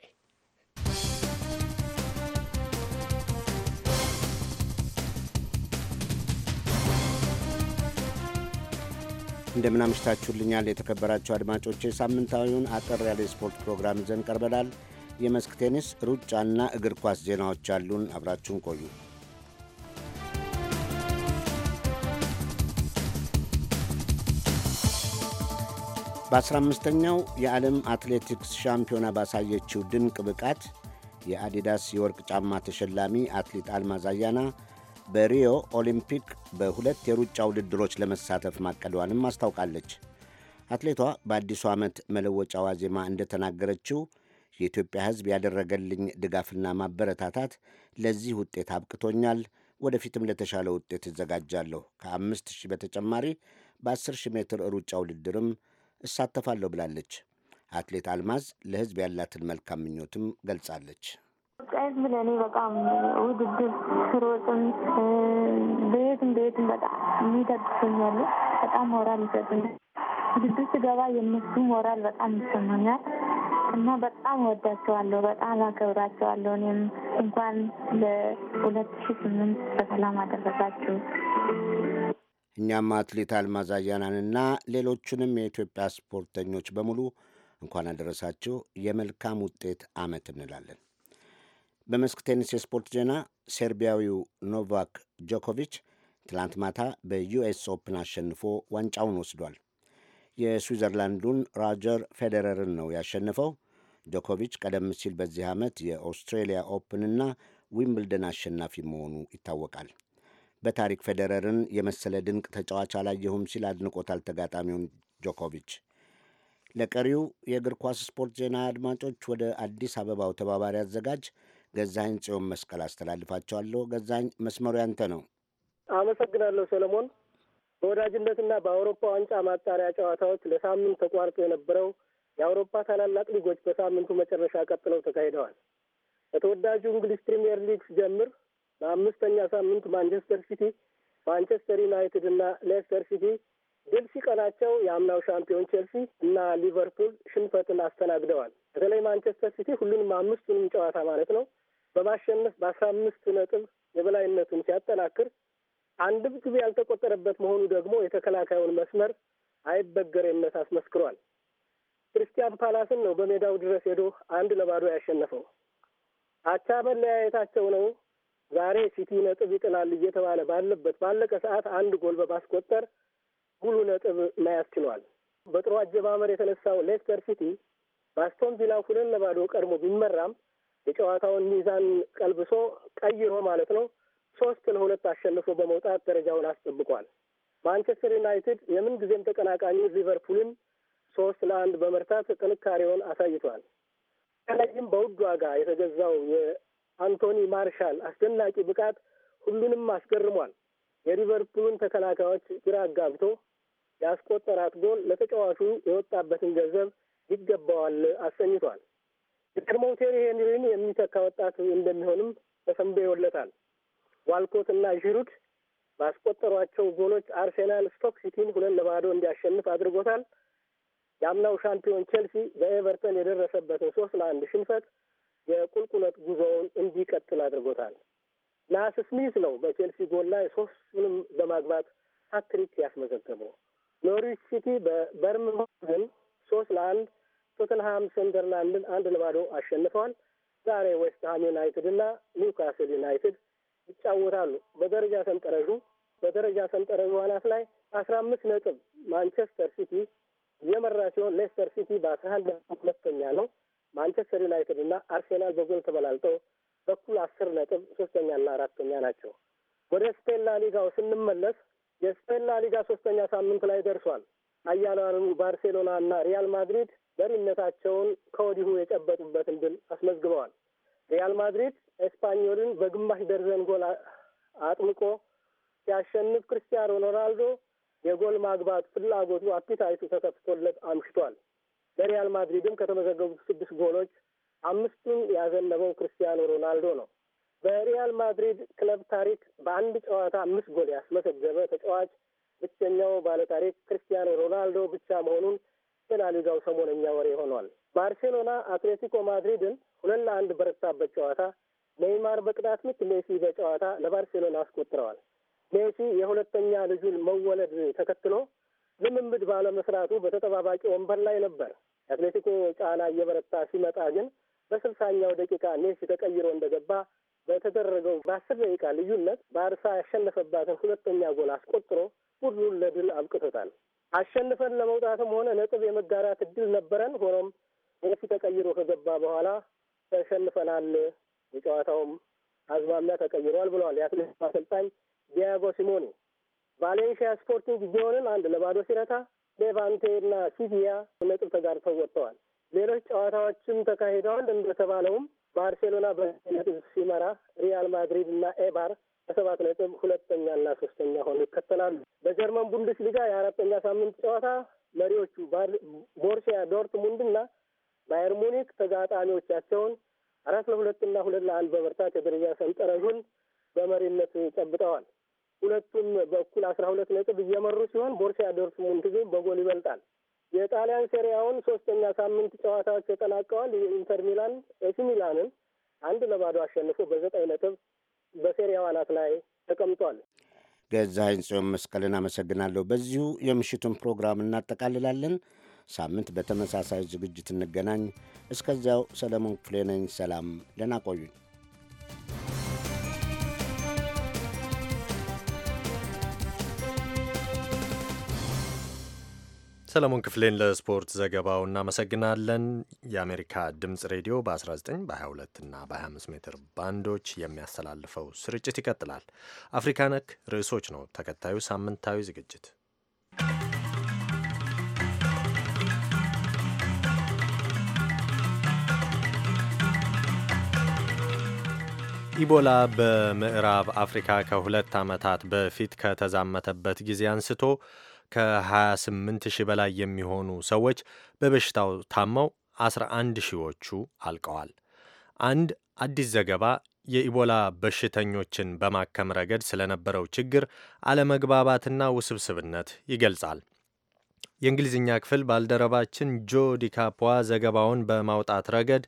እንደምናምሽታችሁልኛል የተከበራችሁ አድማጮቼ። ሳምንታዊውን አጠር ያለ የስፖርት ፕሮግራም ይዘን ቀርበናል። የመስክ ቴኒስ፣ ሩጫና እግር ኳስ ዜናዎች ያሉን፣ አብራችሁን ቆዩ። በ15ኛው የዓለም አትሌቲክስ ሻምፒዮና ባሳየችው ድንቅ ብቃት የአዲዳስ የወርቅ ጫማ ተሸላሚ አትሌት አልማዝ አያና በሪዮ ኦሊምፒክ በሁለት የሩጫ ውድድሮች ለመሳተፍ ማቀዷንም አስታውቃለች። አትሌቷ በአዲሱ ዓመት መለወጫ ዋዜማ እንደተናገረችው የኢትዮጵያ ሕዝብ ያደረገልኝ ድጋፍና ማበረታታት ለዚህ ውጤት አብቅቶኛል። ወደፊትም ለተሻለ ውጤት እዘጋጃለሁ። ከአምስት ሺህ በተጨማሪ በአስር ሺህ ሜትር ሩጫ ውድድርም እሳተፋለሁ ብላለች። አትሌት አልማዝ ለሕዝብ ያላትን መልካም ምኞትም ገልጻለች። ወቃየት ለእኔ በጣም ውድድር ስሮጥም በየትም በየትም በጣም በጣም ሞራል ውድድር ስገባ የእነሱ ሞራል በጣም ይሰማኛል እና በጣም ወዳቸዋለሁ፣ በጣም አከብራቸዋለሁ። እኔም እንኳን ለሁለት ሺ ስምንት በሰላም አደረጋችሁ። እኛም አትሌት አልማዝ አያናንና ሌሎቹንም የኢትዮጵያ ስፖርተኞች በሙሉ እንኳን አደረሳችሁ የመልካም ውጤት ዓመት እንላለን። በመስክ ቴኒስ የስፖርት ዜና ሴርቢያዊው ኖቫክ ጆኮቪች ትላንት ማታ በዩኤስ ኦፕን አሸንፎ ዋንጫውን ወስዷል። የስዊዘርላንዱን ሮጀር ፌዴረርን ነው ያሸነፈው። ጆኮቪች ቀደም ሲል በዚህ ዓመት የኦስትሬሊያ ኦፕንና ዊምብልደን አሸናፊ መሆኑ ይታወቃል። በታሪክ ፌዴረርን የመሰለ ድንቅ ተጫዋች አላየሁም ሲል አድንቆታል ተጋጣሚውን ጆኮቪች። ለቀሪው የእግር ኳስ ስፖርት ዜና አድማጮች ወደ አዲስ አበባው ተባባሪ አዘጋጅ ገዛኝ ጽዮን መስቀል አስተላልፋቸዋለሁ። ገዛኝ መስመሩ ያንተ ነው። አመሰግናለሁ ሰለሞን። በወዳጅነትና በአውሮፓ ዋንጫ ማጣሪያ ጨዋታዎች ለሳምንት ተቋርጦ የነበረው የአውሮፓ ታላላቅ ሊጎች በሳምንቱ መጨረሻ ቀጥለው ተካሂደዋል። በተወዳጁ እንግሊዝ ፕሪምየር ሊግ ሲጀምር በአምስተኛ ሳምንት ማንቸስተር ሲቲ፣ ማንቸስተር ዩናይትድ እና ሌስተር ሲቲ ድል ሲቀናቸው የአምናው ሻምፒዮን ቼልሲ እና ሊቨርፑል ሽንፈትን አስተናግደዋል። በተለይ ማንቸስተር ሲቲ ሁሉንም አምስቱንም ጨዋታ ማለት ነው በማሸነፍ በአስራ አምስቱ ነጥብ የበላይነቱን ሲያጠናክር አንድም ግብ ያልተቆጠረበት መሆኑ ደግሞ የተከላካዩን መስመር አይበገሬነት አስመስክሯል። ክርስቲያን ፓላስን ነው በሜዳው ድረስ ሄዶ አንድ ለባዶ ያሸነፈው። አቻ መለያየታቸው ነው ዛሬ ሲቲ ነጥብ ይጥላል እየተባለ ባለበት ባለቀ ሰዓት አንድ ጎል በማስቆጠር ሙሉ ነጥብ መያዝ ችሏል። በጥሩ አጀማመር የተነሳው ሌስተር ሲቲ በአስቶን ቪላ ሁለት ለባዶ ቀድሞ ቢመራም የጨዋታውን ሚዛን ቀልብሶ ቀይሮ ማለት ነው ሶስት ለሁለት አሸንፎ በመውጣት ደረጃውን አስጠብቋል። ማንቸስተር ዩናይትድ የምን ጊዜም ተቀናቃኙ ሊቨርፑልን ሶስት ለአንድ በመርታት ጥንካሬውን አሳይቷል። ከላይም በውድ ዋጋ የተገዛው የአንቶኒ ማርሻል አስደናቂ ብቃት ሁሉንም አስገርሟል። የሊቨርፑልን ተከላካዮች ግራ አጋብቶ ያስቆጠራት ጎል ለተጫዋቹ የወጣበትን ገንዘብ ይገባዋል አሰኝቷል። የቀድሞው ቴሪ ሄንሪን የሚተካ ወጣት እንደሚሆንም በሰንቤ ተሰንብዮለታል። ዋልኮት እና ዢሩድ ባስቆጠሯቸው ጎሎች አርሴናል ስቶክ ሲቲን ሁለት ለባዶ እንዲያሸንፍ አድርጎታል። የአምናው ሻምፒዮን ቼልሲ በኤቨርተን የደረሰበትን ሶስት ለአንድ ሽንፈት የቁልቁለት ጉዞውን እንዲቀጥል አድርጎታል። ናስ ስሚዝ ነው በቼልሲ ጎል ላይ ሶስቱንም በማግባት ሀትሪክ ያስመዘገበው። ኖሪች ሲቲ በበርምንግን ሶስት ለአንድ ቶተንሃም ሰንደርላንድን አንድ ለባዶ አሸንፈዋል። ዛሬ ዌስትሃም ዩናይትድ እና ኒውካስል ዩናይትድ ይጫወታሉ። በደረጃ ሰንጠረዡ በደረጃ ሰንጠረዡ አናት ላይ አስራ አምስት ነጥብ ማንቸስተር ሲቲ የመራ ሲሆን ሌስተር ሲቲ በአስራ አንድ ነጥብ ሁለተኛ ነው። ማንቸስተር ዩናይትድ እና አርሴናል በጎል ተበላልጠው በኩል አስር ነጥብ ሶስተኛና አራተኛ ናቸው። ወደ ስፔን ላሊጋው ስንመለስ የስፔን ላሊጋ ሶስተኛ ሳምንት ላይ ደርሷል። አያሏኑ ባርሴሎና እና ሪያል ማድሪድ መሪነታቸውን ከወዲሁ የጨበጡበትን ድል አስመዝግበዋል። ሪያል ማድሪድ ኤስፓኞልን በግማሽ ደርዘን ጎል አጥምቆ ሲያሸንፍ ክርስቲያኖ ሮናልዶ የጎል ማግባት ፍላጎቱ አፒታይቱ ተከፍቶለት አምሽቷል። በሪያል ማድሪድም ከተመዘገቡት ስድስት ጎሎች አምስቱን ያዘነበው ክርስቲያኖ ሮናልዶ ነው። በሪያል ማድሪድ ክለብ ታሪክ በአንድ ጨዋታ አምስት ጎል ያስመዘገበ ተጫዋች ብቸኛው ባለታሪክ ክርስቲያኖ ሮናልዶ ብቻ መሆኑን ሌላ ሊጋው ሰሞነኛ ወሬ ሆኗል። ባርሴሎና አትሌቲኮ ማድሪድን ሁለት ለአንድ በረታበት ጨዋታ ኔይማር በቅጣት ምት ሜሲ በጨዋታ ለባርሴሎና አስቆጥረዋል። ሜሲ የሁለተኛ ልጁን መወለድ ተከትሎ ልምምድ ባለመስራቱ በተጠባባቂ ወንበር ላይ ነበር። የአትሌቲኮ ጫና እየበረታ ሲመጣ ግን በስልሳኛው ደቂቃ ሜሲ ተቀይሮ እንደገባ በተደረገው በአስር ደቂቃ ልዩነት ባርሳ ያሸነፈባትን ሁለተኛ ጎል አስቆጥሮ ቡድኑን ለድል አብቅቶታል። አሸንፈን ለመውጣትም ሆነ ነጥብ የመጋራት እድል ነበረን። ሆኖም ሜሲ ተቀይሮ ከገባ በኋላ ተሸንፈናል፣ የጨዋታውም አዝማሚያ ተቀይሯል ብለዋል የአትሌቲክ አሰልጣኝ ዲያጎ ሲሞኔ። ቫሌንሺያ ስፖርቲንግ ጊዮንን አንድ ለባዶ ሲረታ ሌቫንቴ እና ሲቪያ ነጥብ ተጋርተው ወጥተዋል። ሌሎች ጨዋታዎችም ተካሂደዋል። እንደተባለውም ባርሴሎና በነጥብ ሲመራ ሪያል ማድሪድ እና ኤባር በሰባት ነጥብ ሁለተኛና ሶስተኛ ሆኖ ይከተላሉ። በጀርመን ሊጋ የአራተኛ ሳምንት ጨዋታ መሪዎቹ ቦርሲያ ዶርትሙንድና ባየር ሙኒክ ተጋጣሚዎቻቸውን አራት ለሁለትና ሁለት ለአንድ በመርታት የደረጃ ሰንጠረዡን በመሪነት ጨብጠዋል። ሁለቱም በኩል አስራ ሁለት ነጥብ እየመሩ ሲሆን ቦርሲያ ዶርትሙንድ ግን በጎል ይበልጣል። የጣሊያን ሴሪያውን ሶስተኛ ሳምንት ጨዋታዎች ተጠናቀዋል። የኢንተር ሚላን ኤሲ ሚላንን አንድ ለባዶ አሸንፎ በዘጠኝ ነጥብ በሴሪ አባላት ላይ ተቀምጧል። ገዛኸኝ ጽዮን መስቀልን አመሰግናለሁ። በዚሁ የምሽቱን ፕሮግራም እናጠቃልላለን። ሳምንት በተመሳሳይ ዝግጅት እንገናኝ። እስከዚያው ሰለሞን ክፍሌ ነኝ። ሰላም፣ ደህና ቆዩኝ። ሰለሞን ክፍሌን ለስፖርት ዘገባው እናመሰግናለን። የአሜሪካ ድምፅ ሬዲዮ በ19 በ22 እና በ25 ሜትር ባንዶች የሚያስተላልፈው ስርጭት ይቀጥላል። አፍሪካ ነክ ርዕሶች ነው ተከታዩ ሳምንታዊ ዝግጅት። ኢቦላ በምዕራብ አፍሪካ ከሁለት ዓመታት በፊት ከተዛመተበት ጊዜ አንስቶ ከ28 ሺህ በላይ የሚሆኑ ሰዎች በበሽታው ታመው 11 ሺዎቹ አልቀዋል። አንድ አዲስ ዘገባ የኢቦላ በሽተኞችን በማከም ረገድ ስለነበረው ችግር አለመግባባትና ውስብስብነት ይገልጻል። የእንግሊዝኛ ክፍል ባልደረባችን ጆ ዲካፖዋ ዘገባውን በማውጣት ረገድ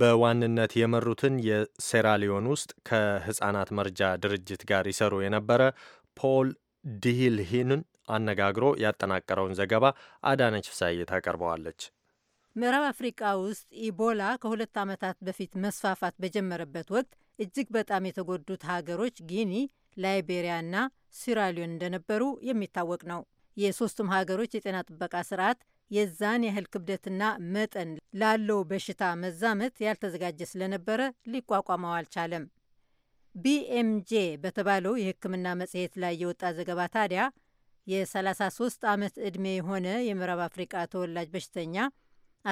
በዋንነት የመሩትን የሴራሊዮን ውስጥ ከሕፃናት መርጃ ድርጅት ጋር ይሰሩ የነበረ ፖል ዲሂልሂንን አነጋግሮ ያጠናቀረውን ዘገባ አዳነች ፍሳዬ ታቀርበዋለች። ምዕራብ አፍሪቃ ውስጥ ኢቦላ ከሁለት ዓመታት በፊት መስፋፋት በጀመረበት ወቅት እጅግ በጣም የተጎዱት ሀገሮች ጊኒ፣ ላይቤሪያና ሲራሊዮን እንደነበሩ የሚታወቅ ነው። የሶስቱም ሀገሮች የጤና ጥበቃ ስርዓት የዛን ያህል ክብደትና መጠን ላለው በሽታ መዛመት ያልተዘጋጀ ስለነበረ ሊቋቋመው አልቻለም። ቢኤምጄ በተባለው የሕክምና መጽሔት ላይ የወጣ ዘገባ ታዲያ የ33 ዓመት ዕድሜ የሆነ የምዕራብ አፍሪቃ ተወላጅ በሽተኛ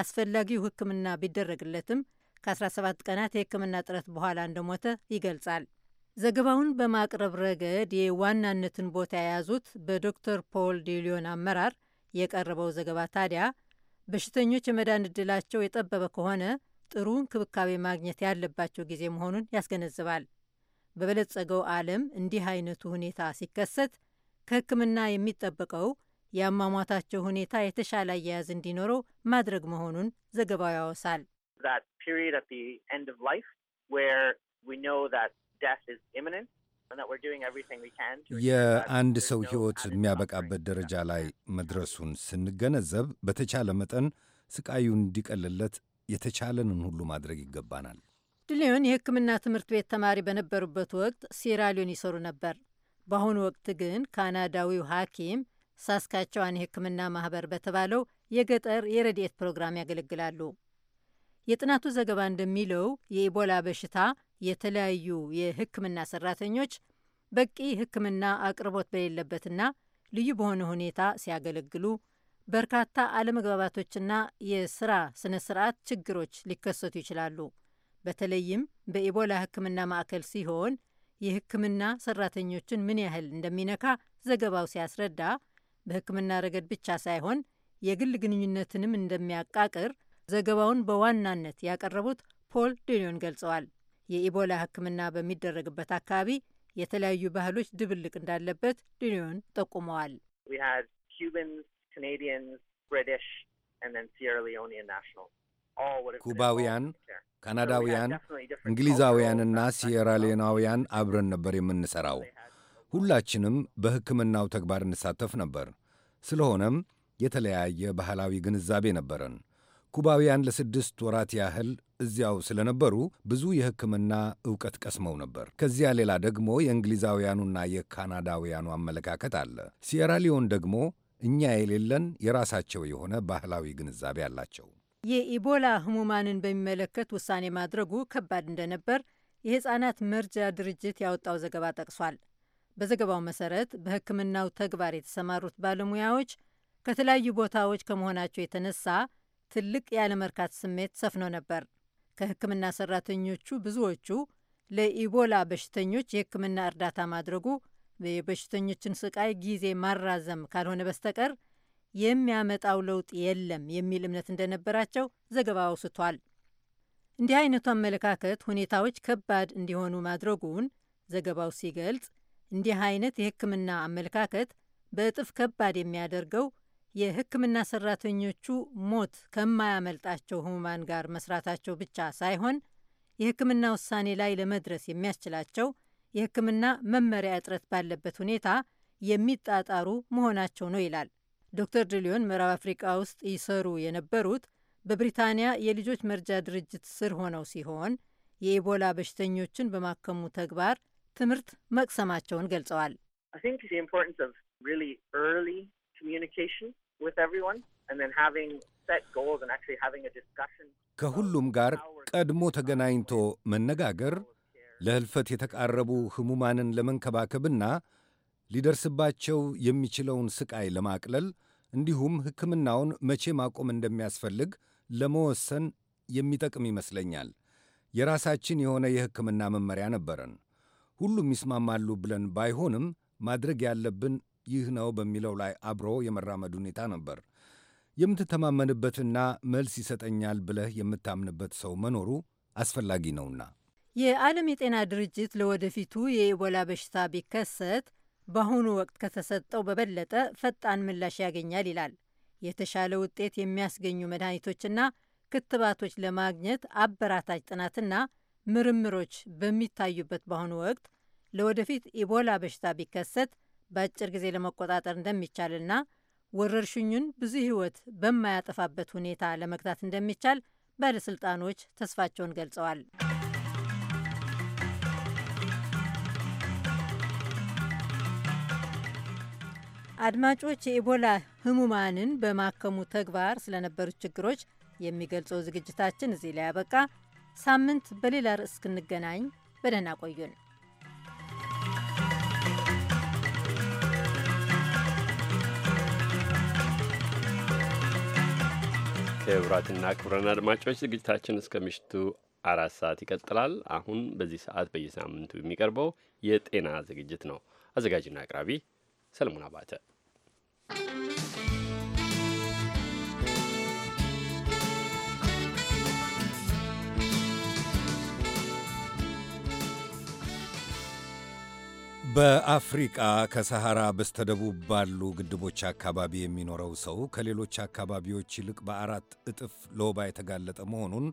አስፈላጊው ሕክምና ቢደረግለትም ከ17 ቀናት የሕክምና ጥረት በኋላ እንደሞተ ይገልጻል። ዘገባውን በማቅረብ ረገድ የዋናነትን ቦታ የያዙት በዶክተር ፖል ዲሊዮን አመራር የቀረበው ዘገባ ታዲያ በሽተኞች የመዳን ዕድላቸው የጠበበ ከሆነ ጥሩ እንክብካቤ ማግኘት ያለባቸው ጊዜ መሆኑን ያስገነዝባል። በበለጸገው ዓለም እንዲህ አይነቱ ሁኔታ ሲከሰት ከሕክምና የሚጠበቀው የአሟሟታቸው ሁኔታ የተሻለ አያያዝ እንዲኖረው ማድረግ መሆኑን ዘገባው ያወሳል። የአንድ ሰው ሕይወት የሚያበቃበት ደረጃ ላይ መድረሱን ስንገነዘብ በተቻለ መጠን ስቃዩ እንዲቀልለት የተቻለንን ሁሉ ማድረግ ይገባናል። ድሌዮን የሕክምና ትምህርት ቤት ተማሪ በነበሩበት ወቅት ሲራሊዮን ይሰሩ ነበር። በአሁኑ ወቅት ግን ካናዳዊው ሐኪም ሳስካቸዋን የሕክምና ማህበር በተባለው የገጠር የረድኤት ፕሮግራም ያገለግላሉ። የጥናቱ ዘገባ እንደሚለው የኢቦላ በሽታ የተለያዩ የሕክምና ሰራተኞች በቂ ሕክምና አቅርቦት በሌለበትና ልዩ በሆነ ሁኔታ ሲያገለግሉ በርካታ አለመግባባቶችና የስራ ስነ ስርዓት ችግሮች ሊከሰቱ ይችላሉ። በተለይም በኢቦላ ሕክምና ማዕከል ሲሆን የሕክምና ሰራተኞችን ምን ያህል እንደሚነካ ዘገባው ሲያስረዳ በሕክምና ረገድ ብቻ ሳይሆን የግል ግንኙነትንም እንደሚያቃቅር ዘገባውን በዋናነት ያቀረቡት ፖል ዴኒዮን ገልጸዋል። የኢቦላ ሕክምና በሚደረግበት አካባቢ የተለያዩ ባህሎች ድብልቅ እንዳለበት ዲሊዮን ጠቁመዋል። ኩባውያን፣ ካናዳውያን፣ እንግሊዛውያንና ሲየራሊዮናውያን አብረን ነበር የምንሠራው። ሁላችንም በሕክምናው ተግባር እንሳተፍ ነበር። ስለሆነም የተለያየ ባህላዊ ግንዛቤ ነበረን። ኩባውያን ለስድስት ወራት ያህል እዚያው ስለነበሩ ብዙ የሕክምና ዕውቀት ቀስመው ነበር። ከዚያ ሌላ ደግሞ የእንግሊዛውያኑና የካናዳውያኑ አመለካከት አለ። ሲየራሊዮን ደግሞ እኛ የሌለን የራሳቸው የሆነ ባህላዊ ግንዛቤ አላቸው። የኢቦላ ህሙማንን በሚመለከት ውሳኔ ማድረጉ ከባድ እንደነበር የህፃናት መርጃ ድርጅት ያወጣው ዘገባ ጠቅሷል። በዘገባው መሰረት በህክምናው ተግባር የተሰማሩት ባለሙያዎች ከተለያዩ ቦታዎች ከመሆናቸው የተነሳ ትልቅ ያለመርካት ስሜት ሰፍኖ ነበር። ከህክምና ሰራተኞቹ ብዙዎቹ ለኢቦላ በሽተኞች የህክምና እርዳታ ማድረጉ የበሽተኞችን ስቃይ ጊዜ ማራዘም ካልሆነ በስተቀር የሚያመጣው ለውጥ የለም የሚል እምነት እንደነበራቸው ዘገባው አውስቷል። እንዲህ አይነቱ አመለካከት ሁኔታዎች ከባድ እንዲሆኑ ማድረጉን ዘገባው ሲገልጽ እንዲህ አይነት የሕክምና አመለካከት በእጥፍ ከባድ የሚያደርገው የሕክምና ሰራተኞቹ ሞት ከማያመልጣቸው ህሙማን ጋር መስራታቸው ብቻ ሳይሆን የሕክምና ውሳኔ ላይ ለመድረስ የሚያስችላቸው የሕክምና መመሪያ እጥረት ባለበት ሁኔታ የሚጣጣሩ መሆናቸው ነው ይላል ዶክተር ድሊዮን ምዕራብ አፍሪቃ ውስጥ ይሰሩ የነበሩት በብሪታንያ የልጆች መርጃ ድርጅት ስር ሆነው ሲሆን የኢቦላ በሽተኞችን በማከሙ ተግባር ትምህርት መቅሰማቸውን ገልጸዋል። ከሁሉም ጋር ቀድሞ ተገናኝቶ መነጋገር ለህልፈት የተቃረቡ ህሙማንን ለመንከባከብና ሊደርስባቸው የሚችለውን ስቃይ ለማቅለል እንዲሁም ሕክምናውን መቼ ማቆም እንደሚያስፈልግ ለመወሰን የሚጠቅም ይመስለኛል። የራሳችን የሆነ የሕክምና መመሪያ ነበረን። ሁሉም ይስማማሉ ብለን ባይሆንም ማድረግ ያለብን ይህ ነው በሚለው ላይ አብሮ የመራመድ ሁኔታ ነበር። የምትተማመንበትና መልስ ይሰጠኛል ብለህ የምታምንበት ሰው መኖሩ አስፈላጊ ነውና። የዓለም የጤና ድርጅት ለወደፊቱ የኢቦላ በሽታ ቢከሰት በአሁኑ ወቅት ከተሰጠው በበለጠ ፈጣን ምላሽ ያገኛል ይላል። የተሻለ ውጤት የሚያስገኙ መድኃኒቶችና ክትባቶች ለማግኘት አበራታች ጥናትና ምርምሮች በሚታዩበት በአሁኑ ወቅት ለወደፊት ኢቦላ በሽታ ቢከሰት በአጭር ጊዜ ለመቆጣጠር እንደሚቻልና ወረርሽኙን ብዙ ሕይወት በማያጠፋበት ሁኔታ ለመግታት እንደሚቻል ባለሥልጣኖች ተስፋቸውን ገልጸዋል። አድማጮች የኢቦላ ህሙማንን በማከሙ ተግባር ስለነበሩት ችግሮች የሚገልጸው ዝግጅታችን እዚህ ላይ ያበቃ። ሳምንት በሌላ ርዕስ እስክንገናኝ በደህና ቆዩን። ክቡራትና ክቡራን አድማጮች ዝግጅታችን እስከ ምሽቱ አራት ሰዓት ይቀጥላል። አሁን በዚህ ሰዓት በየሳምንቱ የሚቀርበው የጤና ዝግጅት ነው። አዘጋጅና አቅራቢ ሰለሞን አባተ በአፍሪቃ ከሰሐራ በስተደቡብ ባሉ ግድቦች አካባቢ የሚኖረው ሰው ከሌሎች አካባቢዎች ይልቅ በአራት እጥፍ ለወባ የተጋለጠ መሆኑን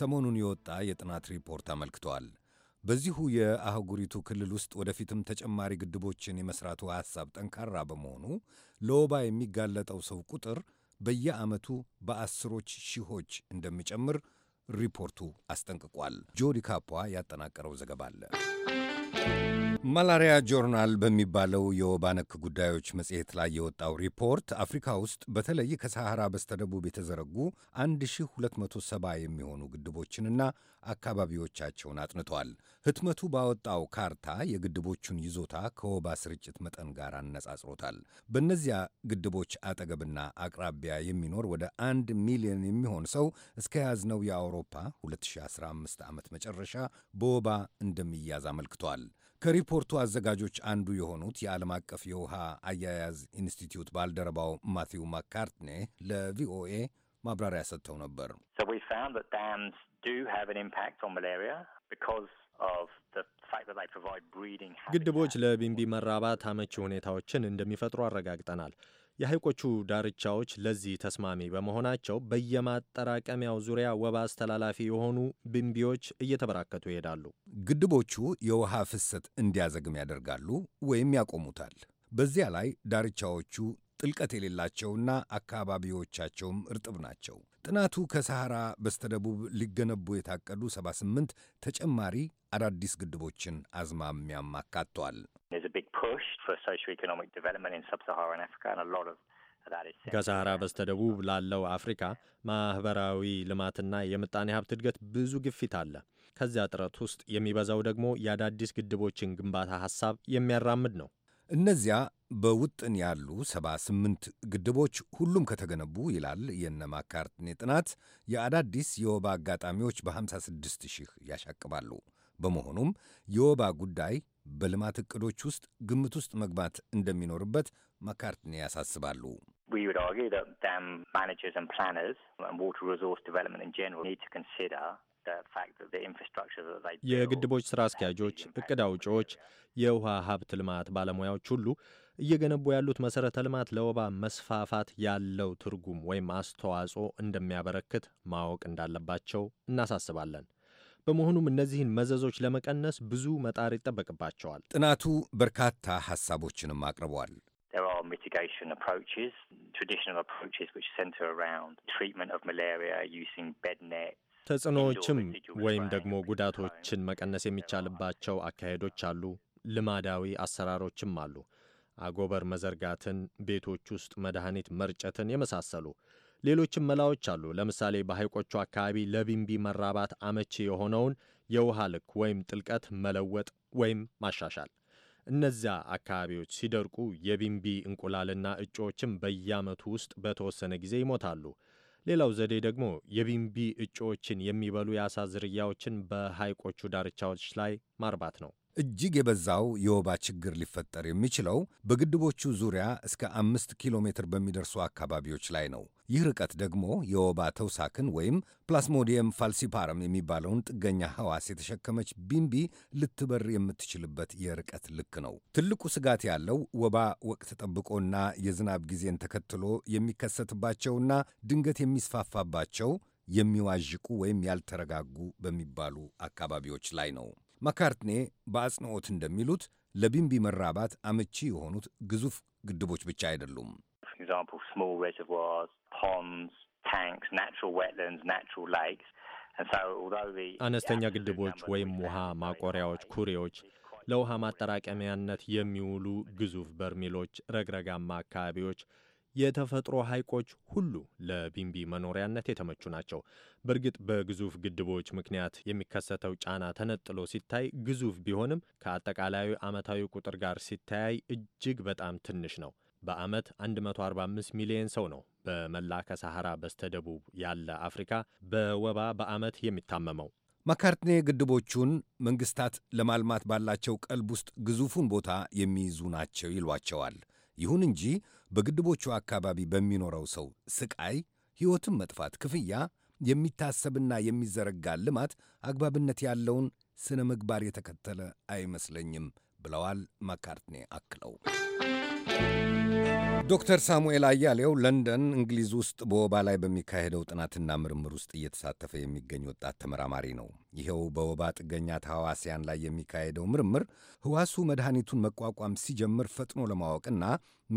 ሰሞኑን የወጣ የጥናት ሪፖርት አመልክቷል። በዚሁ የአህጉሪቱ ክልል ውስጥ ወደፊትም ተጨማሪ ግድቦችን የመስራቱ ሐሳብ ጠንካራ በመሆኑ ለወባ የሚጋለጠው ሰው ቁጥር በየዓመቱ በአስሮች ሺዎች እንደሚጨምር ሪፖርቱ አስጠንቅቋል። ጆዲ ካፖ ያጠናቀረው ዘገባ አለ። ማላሪያ ጆርናል በሚባለው የወባ ነክ ጉዳዮች መጽሔት ላይ የወጣው ሪፖርት አፍሪካ ውስጥ በተለይ ከሳሐራ በስተደቡብ የተዘረጉ 1270 የሚሆኑ ግድቦችንና አካባቢዎቻቸውን አጥንቷል። ህትመቱ ባወጣው ካርታ የግድቦቹን ይዞታ ከወባ ስርጭት መጠን ጋር አነጻጽሮታል። በእነዚያ ግድቦች አጠገብና አቅራቢያ የሚኖር ወደ አንድ ሚሊዮን የሚሆን ሰው እስከ ያዝነው የአውሮፓ 2015 ዓመት መጨረሻ በወባ እንደሚያዝ አመልክቷል። ከሪፖርቱ አዘጋጆች አንዱ የሆኑት የዓለም አቀፍ የውሃ አያያዝ ኢንስቲትዩት ባልደረባው ማቲው ማካርትኔ ለቪኦኤ ማብራሪያ ሰጥተው ነበር። ግድቦች ለቢንቢ መራባት አመቺ ሁኔታዎችን እንደሚፈጥሩ አረጋግጠናል። የሐይቆቹ ዳርቻዎች ለዚህ ተስማሚ በመሆናቸው በየማጠራቀሚያው ዙሪያ ወባ አስተላላፊ የሆኑ ብንቢዎች እየተበራከቱ ይሄዳሉ። ግድቦቹ የውሃ ፍሰት እንዲያዘግም ያደርጋሉ ወይም ያቆሙታል። በዚያ ላይ ዳርቻዎቹ ጥልቀት የሌላቸውና አካባቢዎቻቸውም እርጥብ ናቸው። ጥናቱ ከሰሐራ በስተደቡብ ሊገነቡ የታቀዱ 78 ተጨማሪ አዳዲስ ግድቦችን አዝማሚያም አካቷል። pushed for socio-economic development in sub-Saharan Africa, and a lot of ከሰሃራ በስተደቡብ ላለው አፍሪካ ማኅበራዊ ልማትና የምጣኔ ሀብት እድገት ብዙ ግፊት አለ። ከዚያ ጥረት ውስጥ የሚበዛው ደግሞ የአዳዲስ ግድቦችን ግንባታ ሐሳብ የሚያራምድ ነው። እነዚያ በውጥን ያሉ 78 ግድቦች ሁሉም ከተገነቡ ይላል የነ ማካርትኔ ጥናት የአዳዲስ የወባ አጋጣሚዎች በ56 ሺህ ያሻቅባሉ። በመሆኑም የወባ ጉዳይ በልማት እቅዶች ውስጥ ግምት ውስጥ መግባት እንደሚኖርበት መካርትኔ ያሳስባሉ። የግድቦች ስራ አስኪያጆች፣ እቅድ አውጪዎች፣ የውሃ ሀብት ልማት ባለሙያዎች ሁሉ እየገነቡ ያሉት መሰረተ ልማት ለወባ መስፋፋት ያለው ትርጉም ወይም አስተዋጽኦ እንደሚያበረክት ማወቅ እንዳለባቸው እናሳስባለን። በመሆኑም እነዚህን መዘዞች ለመቀነስ ብዙ መጣር ይጠበቅባቸዋል። ጥናቱ በርካታ ሀሳቦችንም አቅርቧል። ተጽዕኖዎችም ወይም ደግሞ ጉዳቶችን መቀነስ የሚቻልባቸው አካሄዶች አሉ። ልማዳዊ አሰራሮችም አሉ። አጎበር መዘርጋትን፣ ቤቶች ውስጥ መድኃኒት መርጨትን የመሳሰሉ ሌሎችም መላዎች አሉ። ለምሳሌ በሐይቆቹ አካባቢ ለቢንቢ መራባት አመቺ የሆነውን የውሃ ልክ ወይም ጥልቀት መለወጥ ወይም ማሻሻል። እነዚያ አካባቢዎች ሲደርቁ የቢንቢ እንቁላልና እጩዎችም በየዓመቱ ውስጥ በተወሰነ ጊዜ ይሞታሉ። ሌላው ዘዴ ደግሞ የቢንቢ እጩዎችን የሚበሉ የአሳ ዝርያዎችን በሐይቆቹ ዳርቻዎች ላይ ማርባት ነው። እጅግ የበዛው የወባ ችግር ሊፈጠር የሚችለው በግድቦቹ ዙሪያ እስከ አምስት ኪሎ ሜትር በሚደርሱ አካባቢዎች ላይ ነው። ይህ ርቀት ደግሞ የወባ ተውሳክን ወይም ፕላስሞዲየም ፋልሲፓረም የሚባለውን ጥገኛ ሕዋስ የተሸከመች ቢምቢ ልትበር የምትችልበት የርቀት ልክ ነው። ትልቁ ስጋት ያለው ወባ ወቅት ጠብቆና የዝናብ ጊዜን ተከትሎ የሚከሰትባቸውና ድንገት የሚስፋፋባቸው የሚዋዥቁ ወይም ያልተረጋጉ በሚባሉ አካባቢዎች ላይ ነው። መካርትኔ በአጽንኦት እንደሚሉት ለቢምቢ መራባት አመቺ የሆኑት ግዙፍ ግድቦች ብቻ አይደሉም። አነስተኛ ግድቦች ወይም ውሃ ማቆሪያዎች፣ ኩሬዎች፣ ለውሃ ማጠራቀሚያነት የሚውሉ ግዙፍ በርሜሎች፣ ረግረጋማ አካባቢዎች የተፈጥሮ ሐይቆች ሁሉ ለቢምቢ መኖሪያነት የተመቹ ናቸው። በእርግጥ በግዙፍ ግድቦች ምክንያት የሚከሰተው ጫና ተነጥሎ ሲታይ ግዙፍ ቢሆንም ከአጠቃላዩ ዓመታዊ ቁጥር ጋር ሲተያይ እጅግ በጣም ትንሽ ነው። በዓመት 145 ሚሊዮን ሰው ነው በመላ ከሰሐራ በስተደቡብ ያለ አፍሪካ በወባ በዓመት የሚታመመው። ማካርትኔ ግድቦቹን መንግሥታት ለማልማት ባላቸው ቀልብ ውስጥ ግዙፉን ቦታ የሚይዙ ናቸው ይሏቸዋል። ይሁን እንጂ በግድቦቹ አካባቢ በሚኖረው ሰው ስቃይ፣ ሕይወትም መጥፋት ክፍያ የሚታሰብና የሚዘረጋ ልማት አግባብነት ያለውን ስነ ምግባር የተከተለ አይመስለኝም ብለዋል ማካርትኔ አክለው። ዶክተር ሳሙኤል አያሌው ለንደን እንግሊዝ ውስጥ በወባ ላይ በሚካሄደው ጥናትና ምርምር ውስጥ እየተሳተፈ የሚገኝ ወጣት ተመራማሪ ነው። ይኸው በወባ ጥገኛ ተሐዋስያን ላይ የሚካሄደው ምርምር ህዋሱ መድኃኒቱን መቋቋም ሲጀምር ፈጥኖ ለማወቅና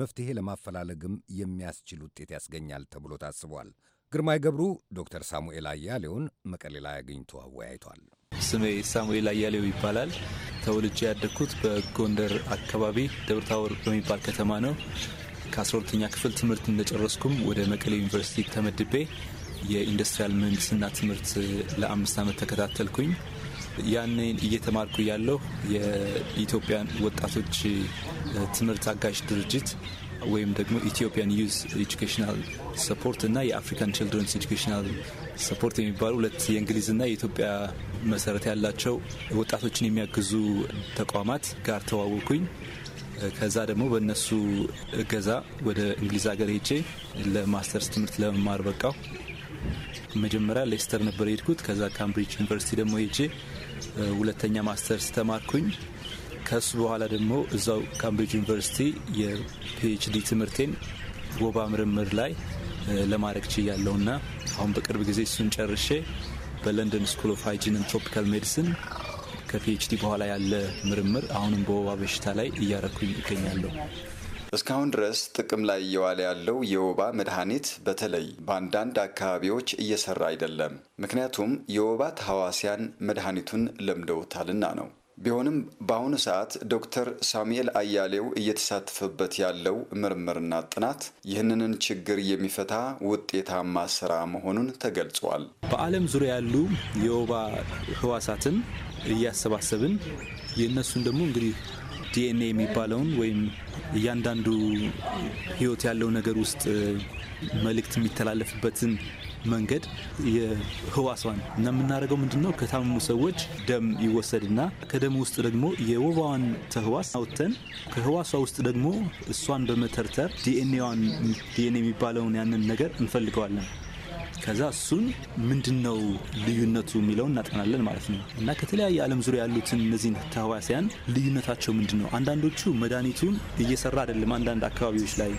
መፍትሔ ለማፈላለግም የሚያስችል ውጤት ያስገኛል ተብሎ ታስቧል። ግርማይ ገብሩ ዶክተር ሳሙኤል አያሌውን መቀሌ ላይ አግኝቶ አወያይቷል። ስሜ ሳሙኤል አያሌው ይባላል። ተወልጄ ያደግኩት በጎንደር አካባቢ ደብረ በሚባል ከተማ ነው። ከ12ኛ ክፍል ትምህርት እንደጨረስኩም ወደ መቀሌ ዩኒቨርሲቲ ተመድቤ የኢንዱስትሪያል ምህንድስና ትምህርት ለአምስት ዓመት ተከታተልኩኝ። ያኔ እየተማርኩ ያለው የኢትዮጵያን ወጣቶች ትምህርት አጋዥ ድርጅት ወይም ደግሞ ኢትዮጵያን ዩዝ ኤጁኬሽናል ሰፖርት እና የአፍሪካን ችልድረንስ ኤጁኬሽናል ሰፖርት የሚባሉ ሁለት የእንግሊዝና የኢትዮጵያ መሰረት ያላቸው ወጣቶችን የሚያግዙ ተቋማት ጋር ተዋወቅኩኝ። ከዛ ደግሞ በእነሱ እገዛ ወደ እንግሊዝ ሀገር ሄጄ ለማስተርስ ትምህርት ለመማር በቃው። መጀመሪያ ሌስተር ነበር የሄድኩት። ከዛ ካምብሪጅ ዩኒቨርሲቲ ደግሞ ሄጄ ሁለተኛ ማስተርስ ተማርኩኝ። ከሱ በኋላ ደግሞ እዛው ካምብሪጅ ዩኒቨርሲቲ የፒኤችዲ ትምህርቴን ወባ ምርምር ላይ ለማድረግ ችያለሁ እና አሁን በቅርብ ጊዜ እሱን ጨርሼ በለንደን ስኩል ኦፍ ሃይጂን ን ትሮፒካል ሜዲሲን ከፒኤችዲ በኋላ ያለ ምርምር አሁንም በወባ በሽታ ላይ እያረኩኝ ይገኛለሁ። እስካሁን ድረስ ጥቅም ላይ እየዋለ ያለው የወባ መድኃኒት በተለይ በአንዳንድ አካባቢዎች እየሰራ አይደለም። ምክንያቱም የወባ ተሐዋሲያን መድኃኒቱን ለምደውታልና ነው። ቢሆንም በአሁኑ ሰዓት ዶክተር ሳሙኤል አያሌው እየተሳተፈበት ያለው ምርምርና ጥናት ይህንን ችግር የሚፈታ ውጤታማ ስራ መሆኑን ተገልጿል። በዓለም ዙሪያ ያሉ የወባ ህዋሳትን እያሰባሰብን የእነሱን ደግሞ እንግዲህ ዲኤንኤ የሚባለውን ወይም እያንዳንዱ ህይወት ያለው ነገር ውስጥ መልእክት የሚተላለፍበትን መንገድ የህዋሷን እና የምናደርገው ምንድን ነው? ከታመሙ ሰዎች ደም ይወሰድና ከደም ውስጥ ደግሞ የወባዋን ተህዋስ አውጥተን ከህዋሷ ውስጥ ደግሞ እሷን በመተርተር ዲኤንኤዋን ዲኤንኤ የሚባለውን ያንን ነገር እንፈልገዋለን። ከዛ እሱን ምንድነው ልዩነቱ የሚለውን እናጠናለን ማለት ነው። እና ከተለያየ ዓለም ዙሪያ ያሉትን እነዚህን ተህዋሲያን ልዩነታቸው ምንድን ነው? አንዳንዶቹ መድኃኒቱን እየሰራ አይደለም አንዳንድ አካባቢዎች ላይ፣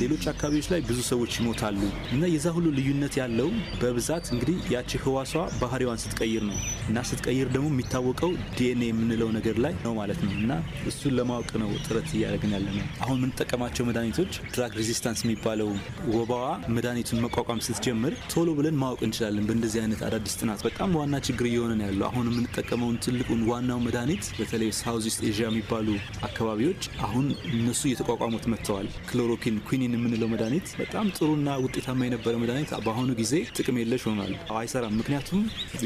ሌሎች አካባቢዎች ላይ ብዙ ሰዎች ይሞታሉ። እና የዛ ሁሉ ልዩነት ያለው በብዛት እንግዲህ ያቺ ህዋሷ ባህሪዋን ስትቀይር ነው። እና ስትቀይር ደግሞ የሚታወቀው ዲኤንኤ የምንለው ነገር ላይ ነው ማለት ነው። እና እሱን ለማወቅ ነው ጥረት እያደረግን ያለ ነው። አሁን የምንጠቀማቸው መድኃኒቶች ድራግ ሬዚስታንስ የሚባለው ወባዋ መድኃኒቱን መቋቋም ስትጀምር ቶሎ ብለን ማወቅ እንችላለን። በእንደዚህ አይነት አዳዲስ ጥናት በጣም ዋና ችግር እየሆነ ነው ያለው። አሁን የምንጠቀመውን ትልቁን ዋናው መድኃኒት በተለይ ሳውዝ ኢስት ኤዥያ የሚባሉ አካባቢዎች አሁን እነሱ እየተቋቋሙት መጥተዋል። ክሎሮኪን ኩኒን የምንለው መድኃኒት በጣም ጥሩና ውጤታማ የነበረ መድኃኒት በአሁኑ ጊዜ ጥቅም የለሽ ሆኗል፣ አይሰራም። ምክንያቱም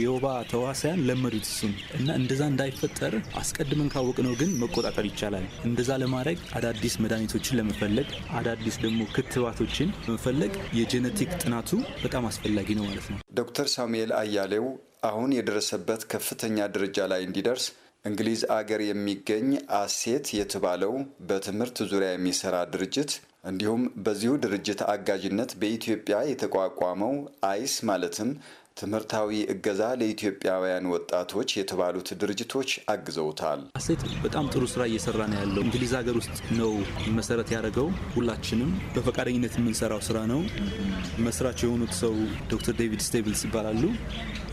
የወባ ተዋሳያን ለመዱት እሱም እና እንደዛ እንዳይፈጠር አስቀድመን ካወቅ ነው ግን መቆጣጠር ይቻላል። እንደዛ ለማድረግ አዳዲስ መድኃኒቶችን ለመፈለግ አዳዲስ ደግሞ ክትባቶችን ለመፈለግ የጄኔቲክ ጥናቱ በጣም አስ አስፈላጊ ነው ማለት ነው። ዶክተር ሳሙኤል አያሌው አሁን የደረሰበት ከፍተኛ ደረጃ ላይ እንዲደርስ እንግሊዝ አገር የሚገኝ አሴት የተባለው በትምህርት ዙሪያ የሚሰራ ድርጅት እንዲሁም በዚሁ ድርጅት አጋዥነት በኢትዮጵያ የተቋቋመው አይስ ማለትም ትምህርታዊ እገዛ ለኢትዮጵያውያን ወጣቶች የተባሉት ድርጅቶች አግዘውታል። አሴት በጣም ጥሩ ስራ እየሰራ ነው ያለው። እንግሊዝ ሀገር ውስጥ ነው መሰረት ያደረገው። ሁላችንም በፈቃደኝነት የምንሰራው ስራ ነው። መስራች የሆኑት ሰው ዶክተር ዴቪድ ስቴብልስ ይባላሉ።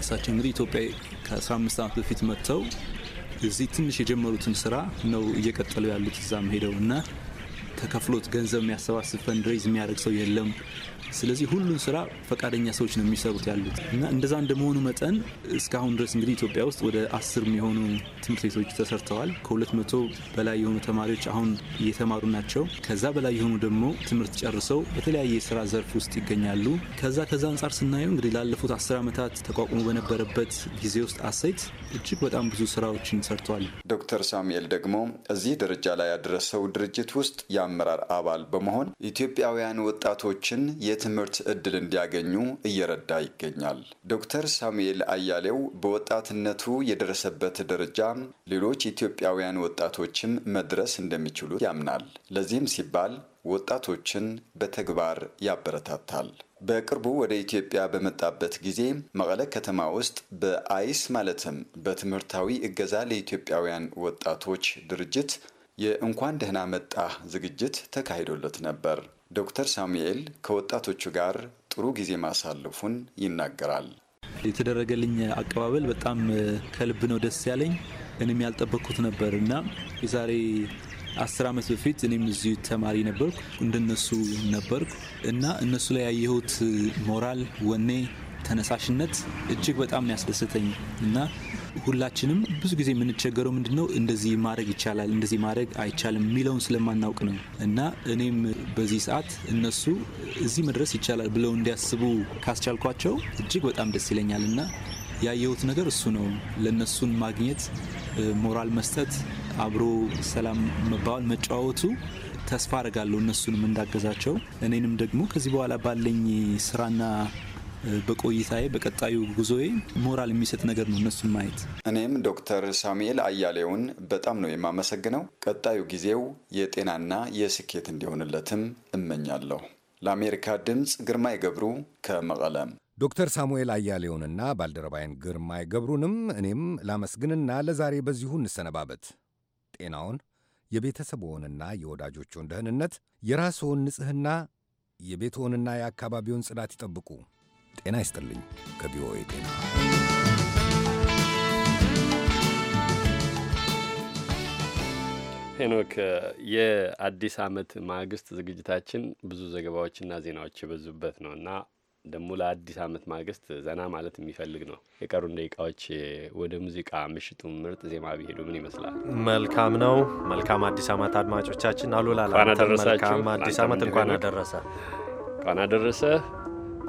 እሳቸው እንግዲህ ኢትዮጵያ ከ15 ዓመት በፊት መጥተው እዚህ ትንሽ የጀመሩትን ስራ ነው እየቀጠሉ ያሉት። እዛም ሄደው እና ተከፍሎት ገንዘብ የሚያሰባስብ ፈንድሬዝ የሚያደርግ ሰው የለም ስለዚህ ሁሉን ስራ ፈቃደኛ ሰዎች ነው የሚሰሩት ያሉት እና እንደዛ እንደመሆኑ መጠን እስካሁን ድረስ እንግዲህ ኢትዮጵያ ውስጥ ወደ አስር የሚሆኑ ትምህርት ቤቶች ተሰርተዋል። ከሁለት መቶ በላይ የሆኑ ተማሪዎች አሁን እየተማሩ ናቸው። ከዛ በላይ የሆኑ ደግሞ ትምህርት ጨርሰው በተለያየ የስራ ዘርፍ ውስጥ ይገኛሉ። ከዛ ከዛ አንጻር ስናየው እንግዲህ ላለፉት አስር ዓመታት ተቋቁሞ በነበረበት ጊዜ ውስጥ አሳይት እጅግ በጣም ብዙ ስራዎችን ሰርተዋል። ዶክተር ሳሙኤል ደግሞ እዚህ ደረጃ ላይ ያደረሰው ድርጅት ውስጥ የአመራር አባል በመሆን ኢትዮጵያውያን ወጣቶችን የ የትምህርት እድል እንዲያገኙ እየረዳ ይገኛል። ዶክተር ሳሙኤል አያሌው በወጣትነቱ የደረሰበት ደረጃ ሌሎች ኢትዮጵያውያን ወጣቶችም መድረስ እንደሚችሉ ያምናል። ለዚህም ሲባል ወጣቶችን በተግባር ያበረታታል። በቅርቡ ወደ ኢትዮጵያ በመጣበት ጊዜ መቀለ ከተማ ውስጥ በአይስ ማለትም በትምህርታዊ እገዛ ለኢትዮጵያውያን ወጣቶች ድርጅት የእንኳን ደህና መጣህ ዝግጅት ተካሂዶለት ነበር። ዶክተር ሳሙኤል ከወጣቶቹ ጋር ጥሩ ጊዜ ማሳለፉን ይናገራል። የተደረገልኝ አቀባበል በጣም ከልብ ነው ደስ ያለኝ። እኔም ያልጠበቅኩት ነበር እና የዛሬ አስር ዓመት በፊት እኔም እዚሁ ተማሪ ነበርኩ፣ እንደነሱ ነበርኩ እና እነሱ ላይ ያየሁት ሞራል፣ ወኔ፣ ተነሳሽነት እጅግ በጣም ያስደስተኝ። ያስደሰተኝ እና ሁላችንም ብዙ ጊዜ የምንቸገረው ምንድን ነው እንደዚህ ማድረግ ይቻላል፣ እንደዚህ ማድረግ አይቻልም የሚለውን ስለማናውቅ ነው እና እኔም በዚህ ሰዓት እነሱ እዚህ መድረስ ይቻላል ብለው እንዲያስቡ ካስቻልኳቸው እጅግ በጣም ደስ ይለኛል እና ያየሁት ነገር እሱ ነው። ለእነሱን ማግኘት፣ ሞራል መስጠት፣ አብሮ ሰላም መባባል፣ መጫወቱ ተስፋ አረጋለሁ እነሱንም እንዳገዛቸው እኔንም ደግሞ ከዚህ በኋላ ባለኝ ስራና በቆይታዬ በቀጣዩ ጉዞዬ ሞራል የሚሰጥ ነገር ነው እነሱን ማየት። እኔም ዶክተር ሳሙኤል አያሌውን በጣም ነው የማመሰግነው። ቀጣዩ ጊዜው የጤናና የስኬት እንዲሆንለትም እመኛለሁ። ለአሜሪካ ድምፅ ግርማይ ገብሩ ከመቀለም። ዶክተር ሳሙኤል አያሌውንና ባልደረባይን ግርማይ ገብሩንም እኔም ላመስግንና ለዛሬ በዚሁ እንሰነባበት። ጤናውን፣ የቤተሰብዎንና የወዳጆችዎን ደህንነት፣ የራስዎን ንጽህና የቤትዎንና የአካባቢውን ጽዳት ይጠብቁ። ጤና ይስጥልኝ። ከቪኦኤ ጤና ሄኖክ፣ የአዲስ ዓመት ማግስት ዝግጅታችን ብዙ ዘገባዎችና ዜናዎች የበዙበት ነው እና ደግሞ ለአዲስ ዓመት ማግስት ዘና ማለት የሚፈልግ ነው። የቀሩን ደቂቃዎች ወደ ሙዚቃ ምሽቱ ምርጥ ዜማ ቢሄዱ ምን ይመስላል? መልካም ነው። መልካም አዲስ ዓመት አድማጮቻችን። አሉላ መልካም አዲስ ዓመት እንኳን አደረሰ እንኳን አደረሰ።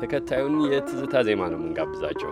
ተከታዩን የትዝታ ዜማ ነው የምንጋብዛቸው።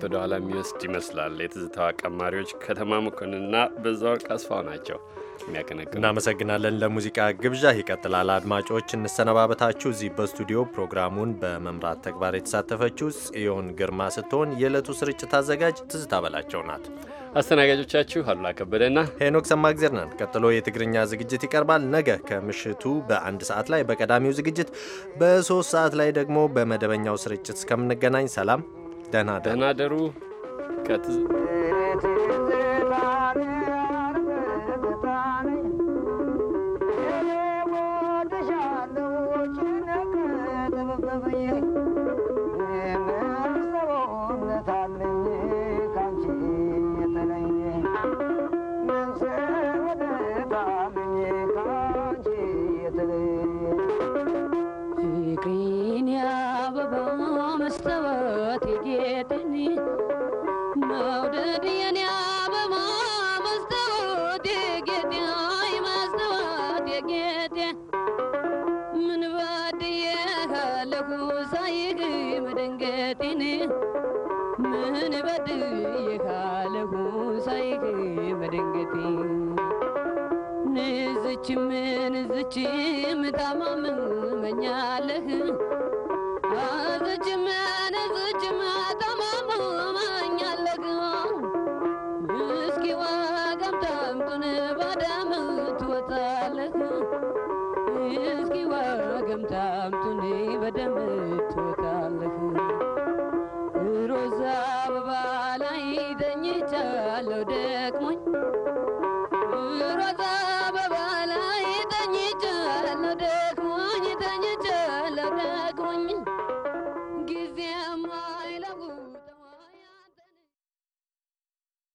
ሰዓት ወደ ኋላ የሚወስድ ይመስላል። የትዝታው ቀማሪዎች ከተማ በዛ ወርቅ አስፋው ናቸው የሚያቀነቅኑ። እናመሰግናለን። ለሙዚቃ ግብዣ ይቀጥላል። አድማጮች እንሰነባበታችሁ። እዚህ በስቱዲዮ ፕሮግራሙን በመምራት ተግባር የተሳተፈችው ጽዮን ግርማ ስትሆን የዕለቱ ስርጭት አዘጋጅ ትዝታ በላቸው ናት። አስተናጋጆቻችሁ አሉላ ከበደና ሄኖክ ሰማግዜር ነን። ቀጥሎ የትግርኛ ዝግጅት ይቀርባል። ነገ ከምሽቱ በአንድ ሰዓት ላይ በቀዳሚው ዝግጅት፣ በሶስት ሰዓት ላይ ደግሞ በመደበኛው ስርጭት እስከምንገናኝ ሰላም ደህና ደሩ ቀጥ